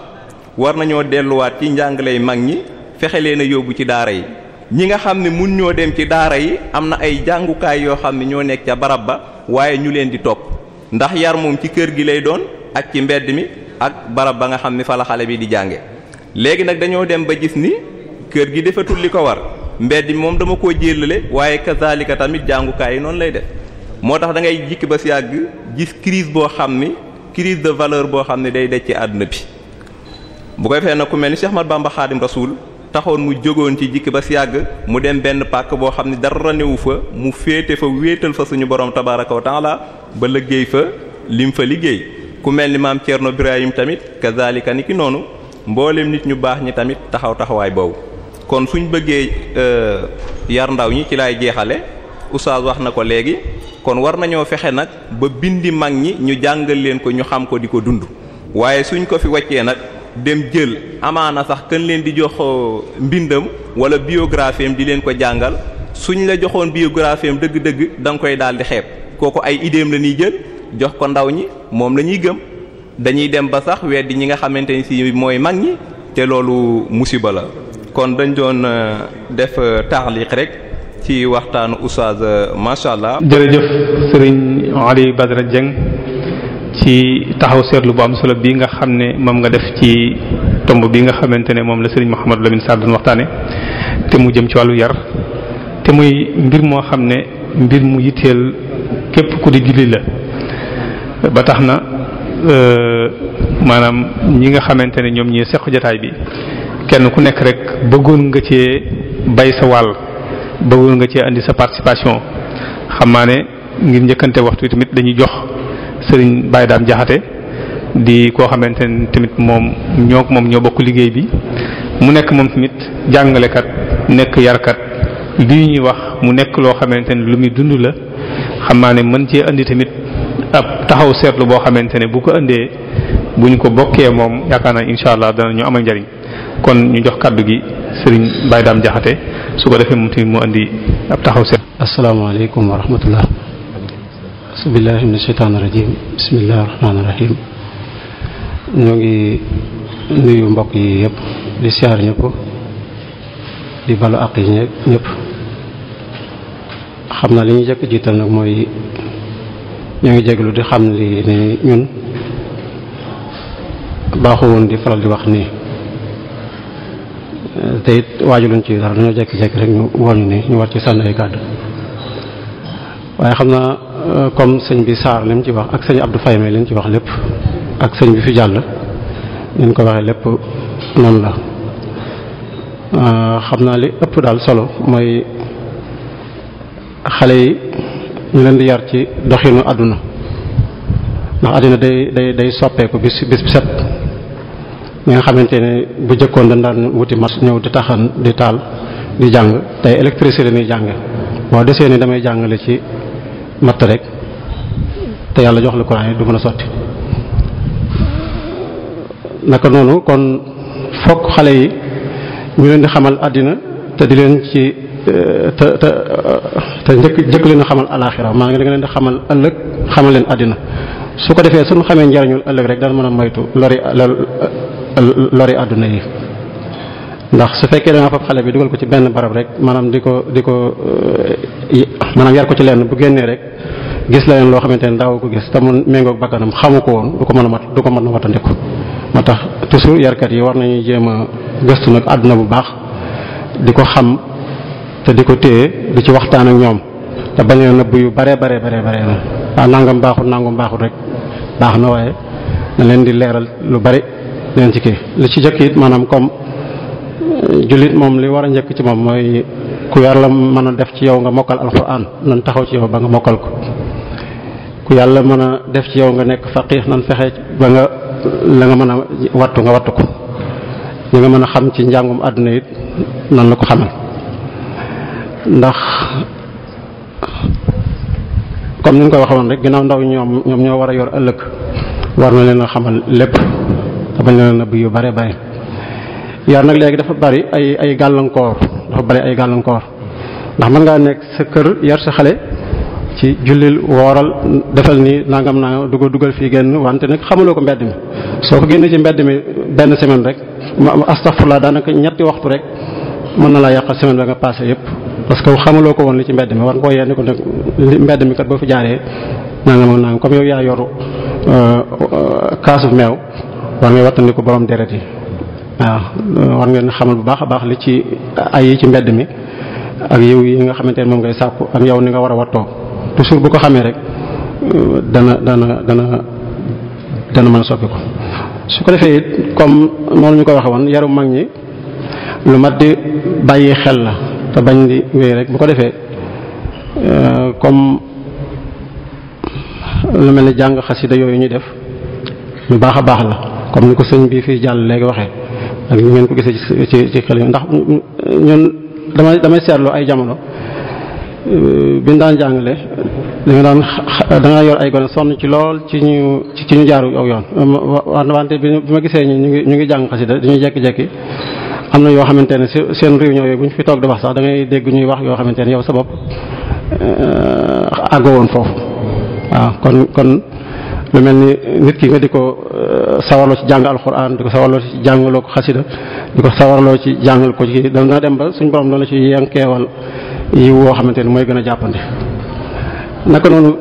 war nañoo delluwaat ci njàngaley mag ñi fexe leen a yóbbu ci daara yi ñi nga xam ne mun ñoo dem ci daara yi am na ay jàngukaay yoo xam ne ñoo nekk ca barab ba waaye ñu leen di topp ndax yar moom ci kër gi lay doon ak ci mbedd mi ak barab ba nga xam ne fa xale bi di jànge léegi nag dañoo dem ba gis ni kër gi defatul li ko war mbedd moom dama koo jéllale waaye kasaalika tamit jàngukaay yi noonu lay def moo tax da ngay jikki ba si yàgg gis crise boo xam ni crise de valeur boo xam ne day decc ci àdduna bi bu koy fee na ku mel ni Cheikh Ahmad Bamba Xaadim Rasul taxoon mu jógoon ci jikki ba si yàgg mu dem benn pàkk boo xam ne dara newu fa mu féete fa wéetal fa suñu borom tabaraka wa taala ba liggéey fa lim fa liggéey ku mel ni maam Thierno Birahim tamit kazalika ni noonu mboolem nit ñu ñi tamit taxaw taxawaay boobu kon suñ bëggee euh, yar ndaw ñi ci laay jeexale oustaz wax na ko léegi kon war nañoo fexe nag ba bindi mag ñi ñu jàngal leen ko ñu xam ko di ko dund waaye suñ ko fi wàccee nag dem jël amaana sax kën leen di jox euh, mbindam wala biographie di leen ko jàngal suñ la joxoon biographie am dëgg-dëgg koy daal di xeeb kooku ay idéem la ñuy jël jox ko ndaw ñi moom lañuy ñuy gëm dañuy dem ba sax weddi ñi nga xamante ni si mooy mag ñi te loolu musiba la kon dañ doon euh, def euh, taaxliq rek ci waxtaanu oustaz euh, macha allah. jërëjëf sëriñ Ali Badara Dieng ci taxaw seetlu bu am solo bii nga xam ne moom nga def ci tomb bi nga xamante ne moom la sëriñ Mouhamadou Lamine Sall doon waxtaane te mu jëm ci wàllu yar te muy mbir moo xam ne mbir mu yitteel képp ku di julli la ba tax na maanaam ñi nga xamante ne ñoom ñi seq jotaay bi. kenn ku nekk rek bëggoon nga cee bay sa wàll bëggoon nga cee andi sa participation xam naa ne ngir njëkkante waxtu wi tamit dañuy jox sëriñ Baye Dame Diakhaté di koo xamante ne tamit moom ñoo moom ñoo bokk liggéey bi mu nekk moom tamit jàngalekat nekk yarkat lii ñuy wax mu nekk loo xamante ne lu muy dund la xam naa ne mën cee andi tamit ab taxaw seetlu boo xamante ne bu ko indee bu ñu ko bokkee moom yaakaar naa incha dana ñu amal njariñ kon ñu jox kàddu gi sëriñ Mbaye Dame su ko defee moom tamit mu indi ab taxaw seet. asalaamaaleykum wa rahmatullah. asubillahi min asheytaani rajim bismillahi rahmaani rahim. ñoo ngi nuyu mbokk yi yëpp di siyaar ñëpp di balu àq yi ñëpp xam naa li ñu jëkk jiital nag mooy ñoo ngi jéglu di xam li ne ñun baaxu woon di faral di wax nii. te it waajaluñ ci dara dañoo jekki-jekki rek ñu woon nii ñu war ci sànni ay kàddu waaye xam naa euh, comme sëñ bi saar li mu ci wax ak sëñ abdu Faye mi li mu ci wax lépp ak sëñ bi fi jàll ñu ko waxee lépp noonu la euh, xam naa li ëpp daal solo mooy xale yi ñu leen di yar ci doxinu àdduna ndax àddina day day day soppeeku bis bis bi set ñi nga xamante ne bu jëkkoon dañ daan wuti mat ñëw di taxan di taal di jàng te électricité la ñuy jàng boo desee ni damay jàngale ci matt rek te yàlla jox la Quran yi du mën a sotti naka noonu kon fokk xale yi ñu leen di xamal àddina te di leen ci te te te njëkk njëkk leen xamal alaaxira maa ngi da leen di xamal ëllëg xamal leen àddina su ko defee suñu xamee njariñul ëllëg rek daan mën a lori lori àdduna yi ndax su fekkee da nga fab xale bi dugal ko ci benn barab rek maanaam di ko di ko eh, maanaam yar ko ci lenn bu génnee rek gis la leen loo xamante ne daaw ko gis te mu méngoog bakkanam xamu ko woon du ko mën a mat du ko mën a watandiku moo tax toujours yarkat yi war nañuy jéem a gëstu nag àdduna bu baax di ko xam te di ko téye di ci waxtaan ak ñoom te bañ a nëbb yu bare bare bare bare nangam baaxul nangam baaxul rek baax na waaye na leen di leeral lu bari dinañ ci li ci jëkk it maanaam comme euh, jullit moom li war a njëkk ci moom mooy ku yàlla mën a def ci yow nga mokkal alquran nan taxaw ci yow ba nga mokkal ko ku yàlla mën a def ci yow nga nekk faqiix nan fexe ba nga la nga mën a wattu nga wattu ko li nga mën a xam ci njàngum àdduna it nan la ko xamal ndax comme ni ñu koy waxoon rek ginnaaw ndaw ñoom ñoom ñoo war a yor ëllëg war na leen a xamal lépp dama na nëbb yu bare bare yar nag léegi dafa bari ay ay gàllankoor dafa bari ay gàllankoor ndax mën ngaa nekk sa kër yar sa xale ci jullil wooral defal nii nangam nangam dugg dugal fii génn wante nag xamuloo ko mbedd mi soo ko génnee ci mbedd mi benn semaine rek astafurlaa daanaka ñetti waxtu rek mën na laa yàqal semaine ba nga passé yépp parce que xamaloo ko woon li ci mbedd mi war nga koo yenn ko nag mbedd mi kat boo fi jaaree nangam nangam comme yow yaa yoru euh, euh, kaasu meew war ngay wattandiku borom deret yi waaw war ngeen xamal bu baax a baax li ci ay yi ci mbedd mi ak yow yi nga xamante ne moom ngay sàkku ak yow ni nga war a wattoo toujours bu ko xamee rek dana dana dana dana mën a ko su ko defee comme noonu ñu ko waxee woon yaru mag ñi lu mat di bàyyi xel la te bañ di wéy rek bu ko defee euh, comme lu mel ne jàng xasida yooyu ñu def lu baax a baax la comme ni ko sëñ bi fii jàll léegi waxee ak ni ngeen ko gisee ci ci ci ndax ñun damay damay seetloo ay jamono euh, bi daan jàngale da nga daan da yor ay gone sonn ci lool ci ñu ci ñu jaaru aw yoon wante bi ma gisee ñu ñu ngi jàng xasida dañuy jekki-jekki am na yoo xamante ne seen réunion yooyu bu ñu fi toog di wax sax da ngay dégg ñuy wax yoo xamante ne yow sa bopp euh, woon foofu waaw kon kon lu mel ni nit ki nga di ko euh, sawarloo ci jàng alxuraan di ko sawarloo ci jàngaloo ko xasida di ko sawarloo ci jàngal ko ci dana dem ba suñ borom dana ci yankeewal yi woo xamante ni mooy gën a jàppandi naka noonu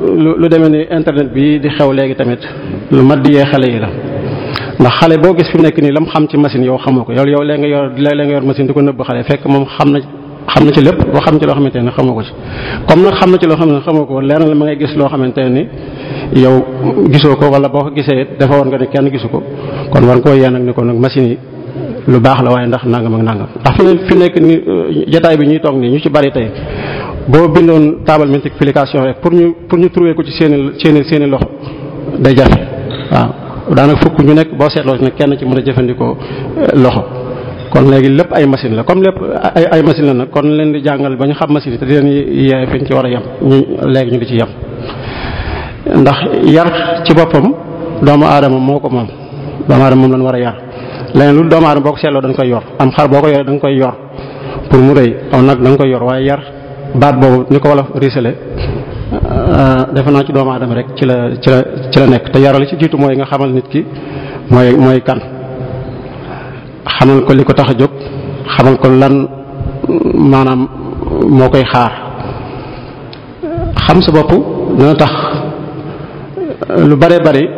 lu demee ni internet bi di xew léegi tamit lu mat di yee xale yi la ndax xale boo gis fi mu nekk nii lam xam ci machine yow xamoo ko yow yow nga yor léeg nga yor machine di ko nëbb xale fekk moom xam na xam na ci lépp boo xam ci loo xamante ne xamoo ko ci comme nag xam na ci loo xam ne xamoo ko leer na la ma ngay gis loo xamante ne yow gisoo ko wala boo ko gisee dafa war nga ne kenn gisu ko kon war koo yee nag ne ko nag machine yi lu baax la waaye ndax nangam ak nangam ndax fi nekk nii euh, jataay bi ñuy toog nii ñu ci bari tey boo bindoon taabal multiplication rek pour ñu pour ñu trouver ko ci seeni seeni seeni loxo day jafe waaw daanaka fukk ñu nekk boo seetloo ne kenn ci mën a jëfandikoo euh, loxo kon léegi lépp ay machine la comme lépp ay ay la nag kon leen di jàngal ba ñu xam machine te di leen yee fi ñu ci war a yem ñu léegi ñu di ci yem ndax yar ci boppam doomu aadama moo ko moom doomu aadama moom lañ war a yar leneen lu doomu aadama boo ko seetloo dañ koy yor am xar boo ko yoree da koy yor pour mu rëy aw nag da koy yor waaye yar baat boobu ni ko wala risale euh, defe naa ci doomu aadama rek ci la ci la ci la nekk te yaral ci jiitu mooy nga xamal nit ki mooy mooy kan xamal ko li ko tax a jóg xamal ko lan maanaam moo koy xaar xam sa bopp dana tax lu bare bari eh,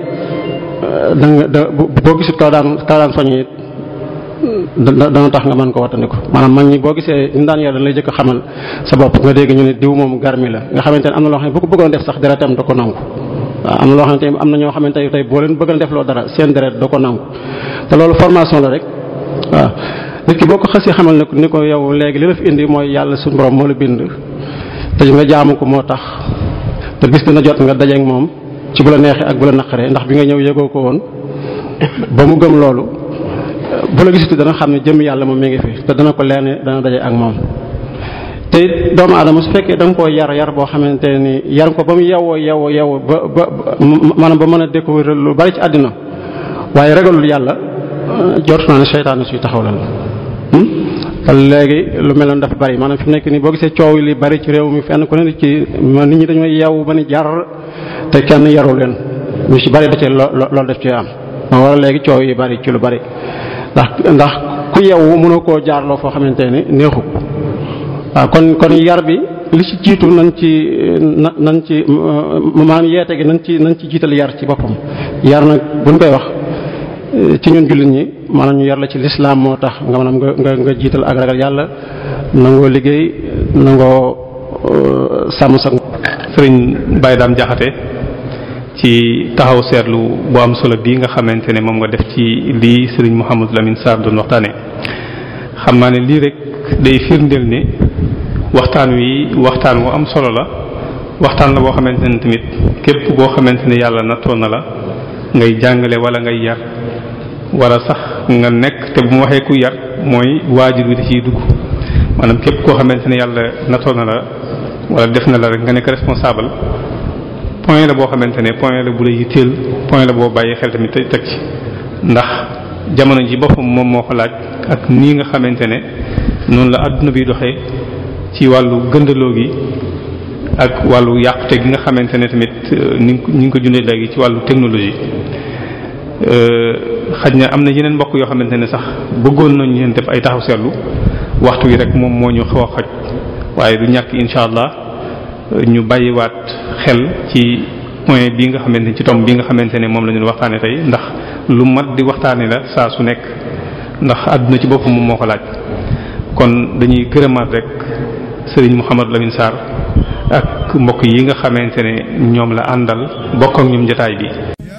da nga da boo gisut kaw daan kaw daan soññi dana tax nga man ko wattandiku maanaam mag ñi boo gisee ñu daan yar dañ lay jëkk xamal sa bopp nga dégg ñu ne diw moom garmi la nga xamante ne am na loo xam ne bu ko bëggoon def sax dara tam ko nangu waaw am na loo xamante am na ñoo xamante ne tey boo leen bëgg a def loo dara seen deret da ko nangu te loolu waaw nit ki boo ko xasee xamal ni ko yow léegi li la indi mooy yàlla su borom moo la bind te nga jaamu ko moo tax te bis dina jot nga dajeeg moom ci bu la neexee ak bu la naqaree ndax bi nga ñëw yëgoo ko woon [coughs] ba mu gëm loolu bu la gisitu dana xam ne jëm yàlla moom mi ngi fi te dana ko leen ne dana daje ak moom te doomu aadama su fekkee da nga koo yar yar boo xamante ni yar ko ba mu yewoo yewoo yewoo ba ba maanaam ba mën a découvrir lu bari ci àddina waaye jort naa ne seytaane suy taxaw la kon hmm? léegi lu meloon dafa bari maanaam fi nekk nii boo gisee coow li bari ci réew mi fenn ku ne ci nit ñi dañoo yeewu ba ni jar te kenn yaru leen ñu ci bari da cee lo loolu am moo léegi coow yi bari ci lu bari ndax ndax ku yeewu mënoo koo jaarloo foo xamante ne neexu waaw ah, kon kon yar bi li ci jiitu nañ ci nañ ci maanaam yeete gi nañ ci nañ ci jiital yar ci boppam yar nag buñ koy wax. ci ñun jullit ñi maanaam ñu yar la ci lislaam moo tax nga maanaam nga nga jiital ak ragal yàlla nangoo liggéey nangoo uh, sàmm sa sëriñ Baye Dame Jaxate ci taxaw seetlu boo am solo bii nga xamante ne moom nga def ci lii sëriñ Mouhamadou Lamine Sarr doon waxtaane xam naa ne lii rek day firndeel ni waxtaan wi waxtaan wu am solo la waxtaan la boo xamante ne tamit képp boo xamante ne yàlla nattoon na la ngay jàngale wala ngay yar wala sax nga nekk te bu mu waxee ku yar mooy waajur bi da ciy dugg maanaam képp koo xamante ne yàlla natoo na la wala def na la rek nga nekk responsable point la boo xamante ne point la bu la yitteel point la boo bàyyi xel tamit teg ci ndax jamono ji boppam moom moo ko laaj ak nii nga xamante ne noonu la àdduna bi doxe ci wàllu gëndaloo gi ak wàllu yàqute gi nga xamante ne tamit euh, ni ñu ko jundee léegi ci wàllu technologie euh, xaj na am na yeneen mbokk yoo xamante ne sax bëggoon nañu leen def ay taxaw seetlu waxtu wi rek moom moo ñu xaw a waaye du ñàkk incha allah ñu bàyyiwaat xel ci point bii nga xamante ne ci tom bi nga xamante ne moom la ñu waxtaanee tey ndax lu mat di waxtaanee la saa su nekk ndax àdduna ci boppam moom moo ko laaj. kon dañuy gërëmaat rek Serigne Mouhamad Lamine Sarr ak mbokk yi nga xamante ne ñoom la àndal bokkak ñoom jotaay bi.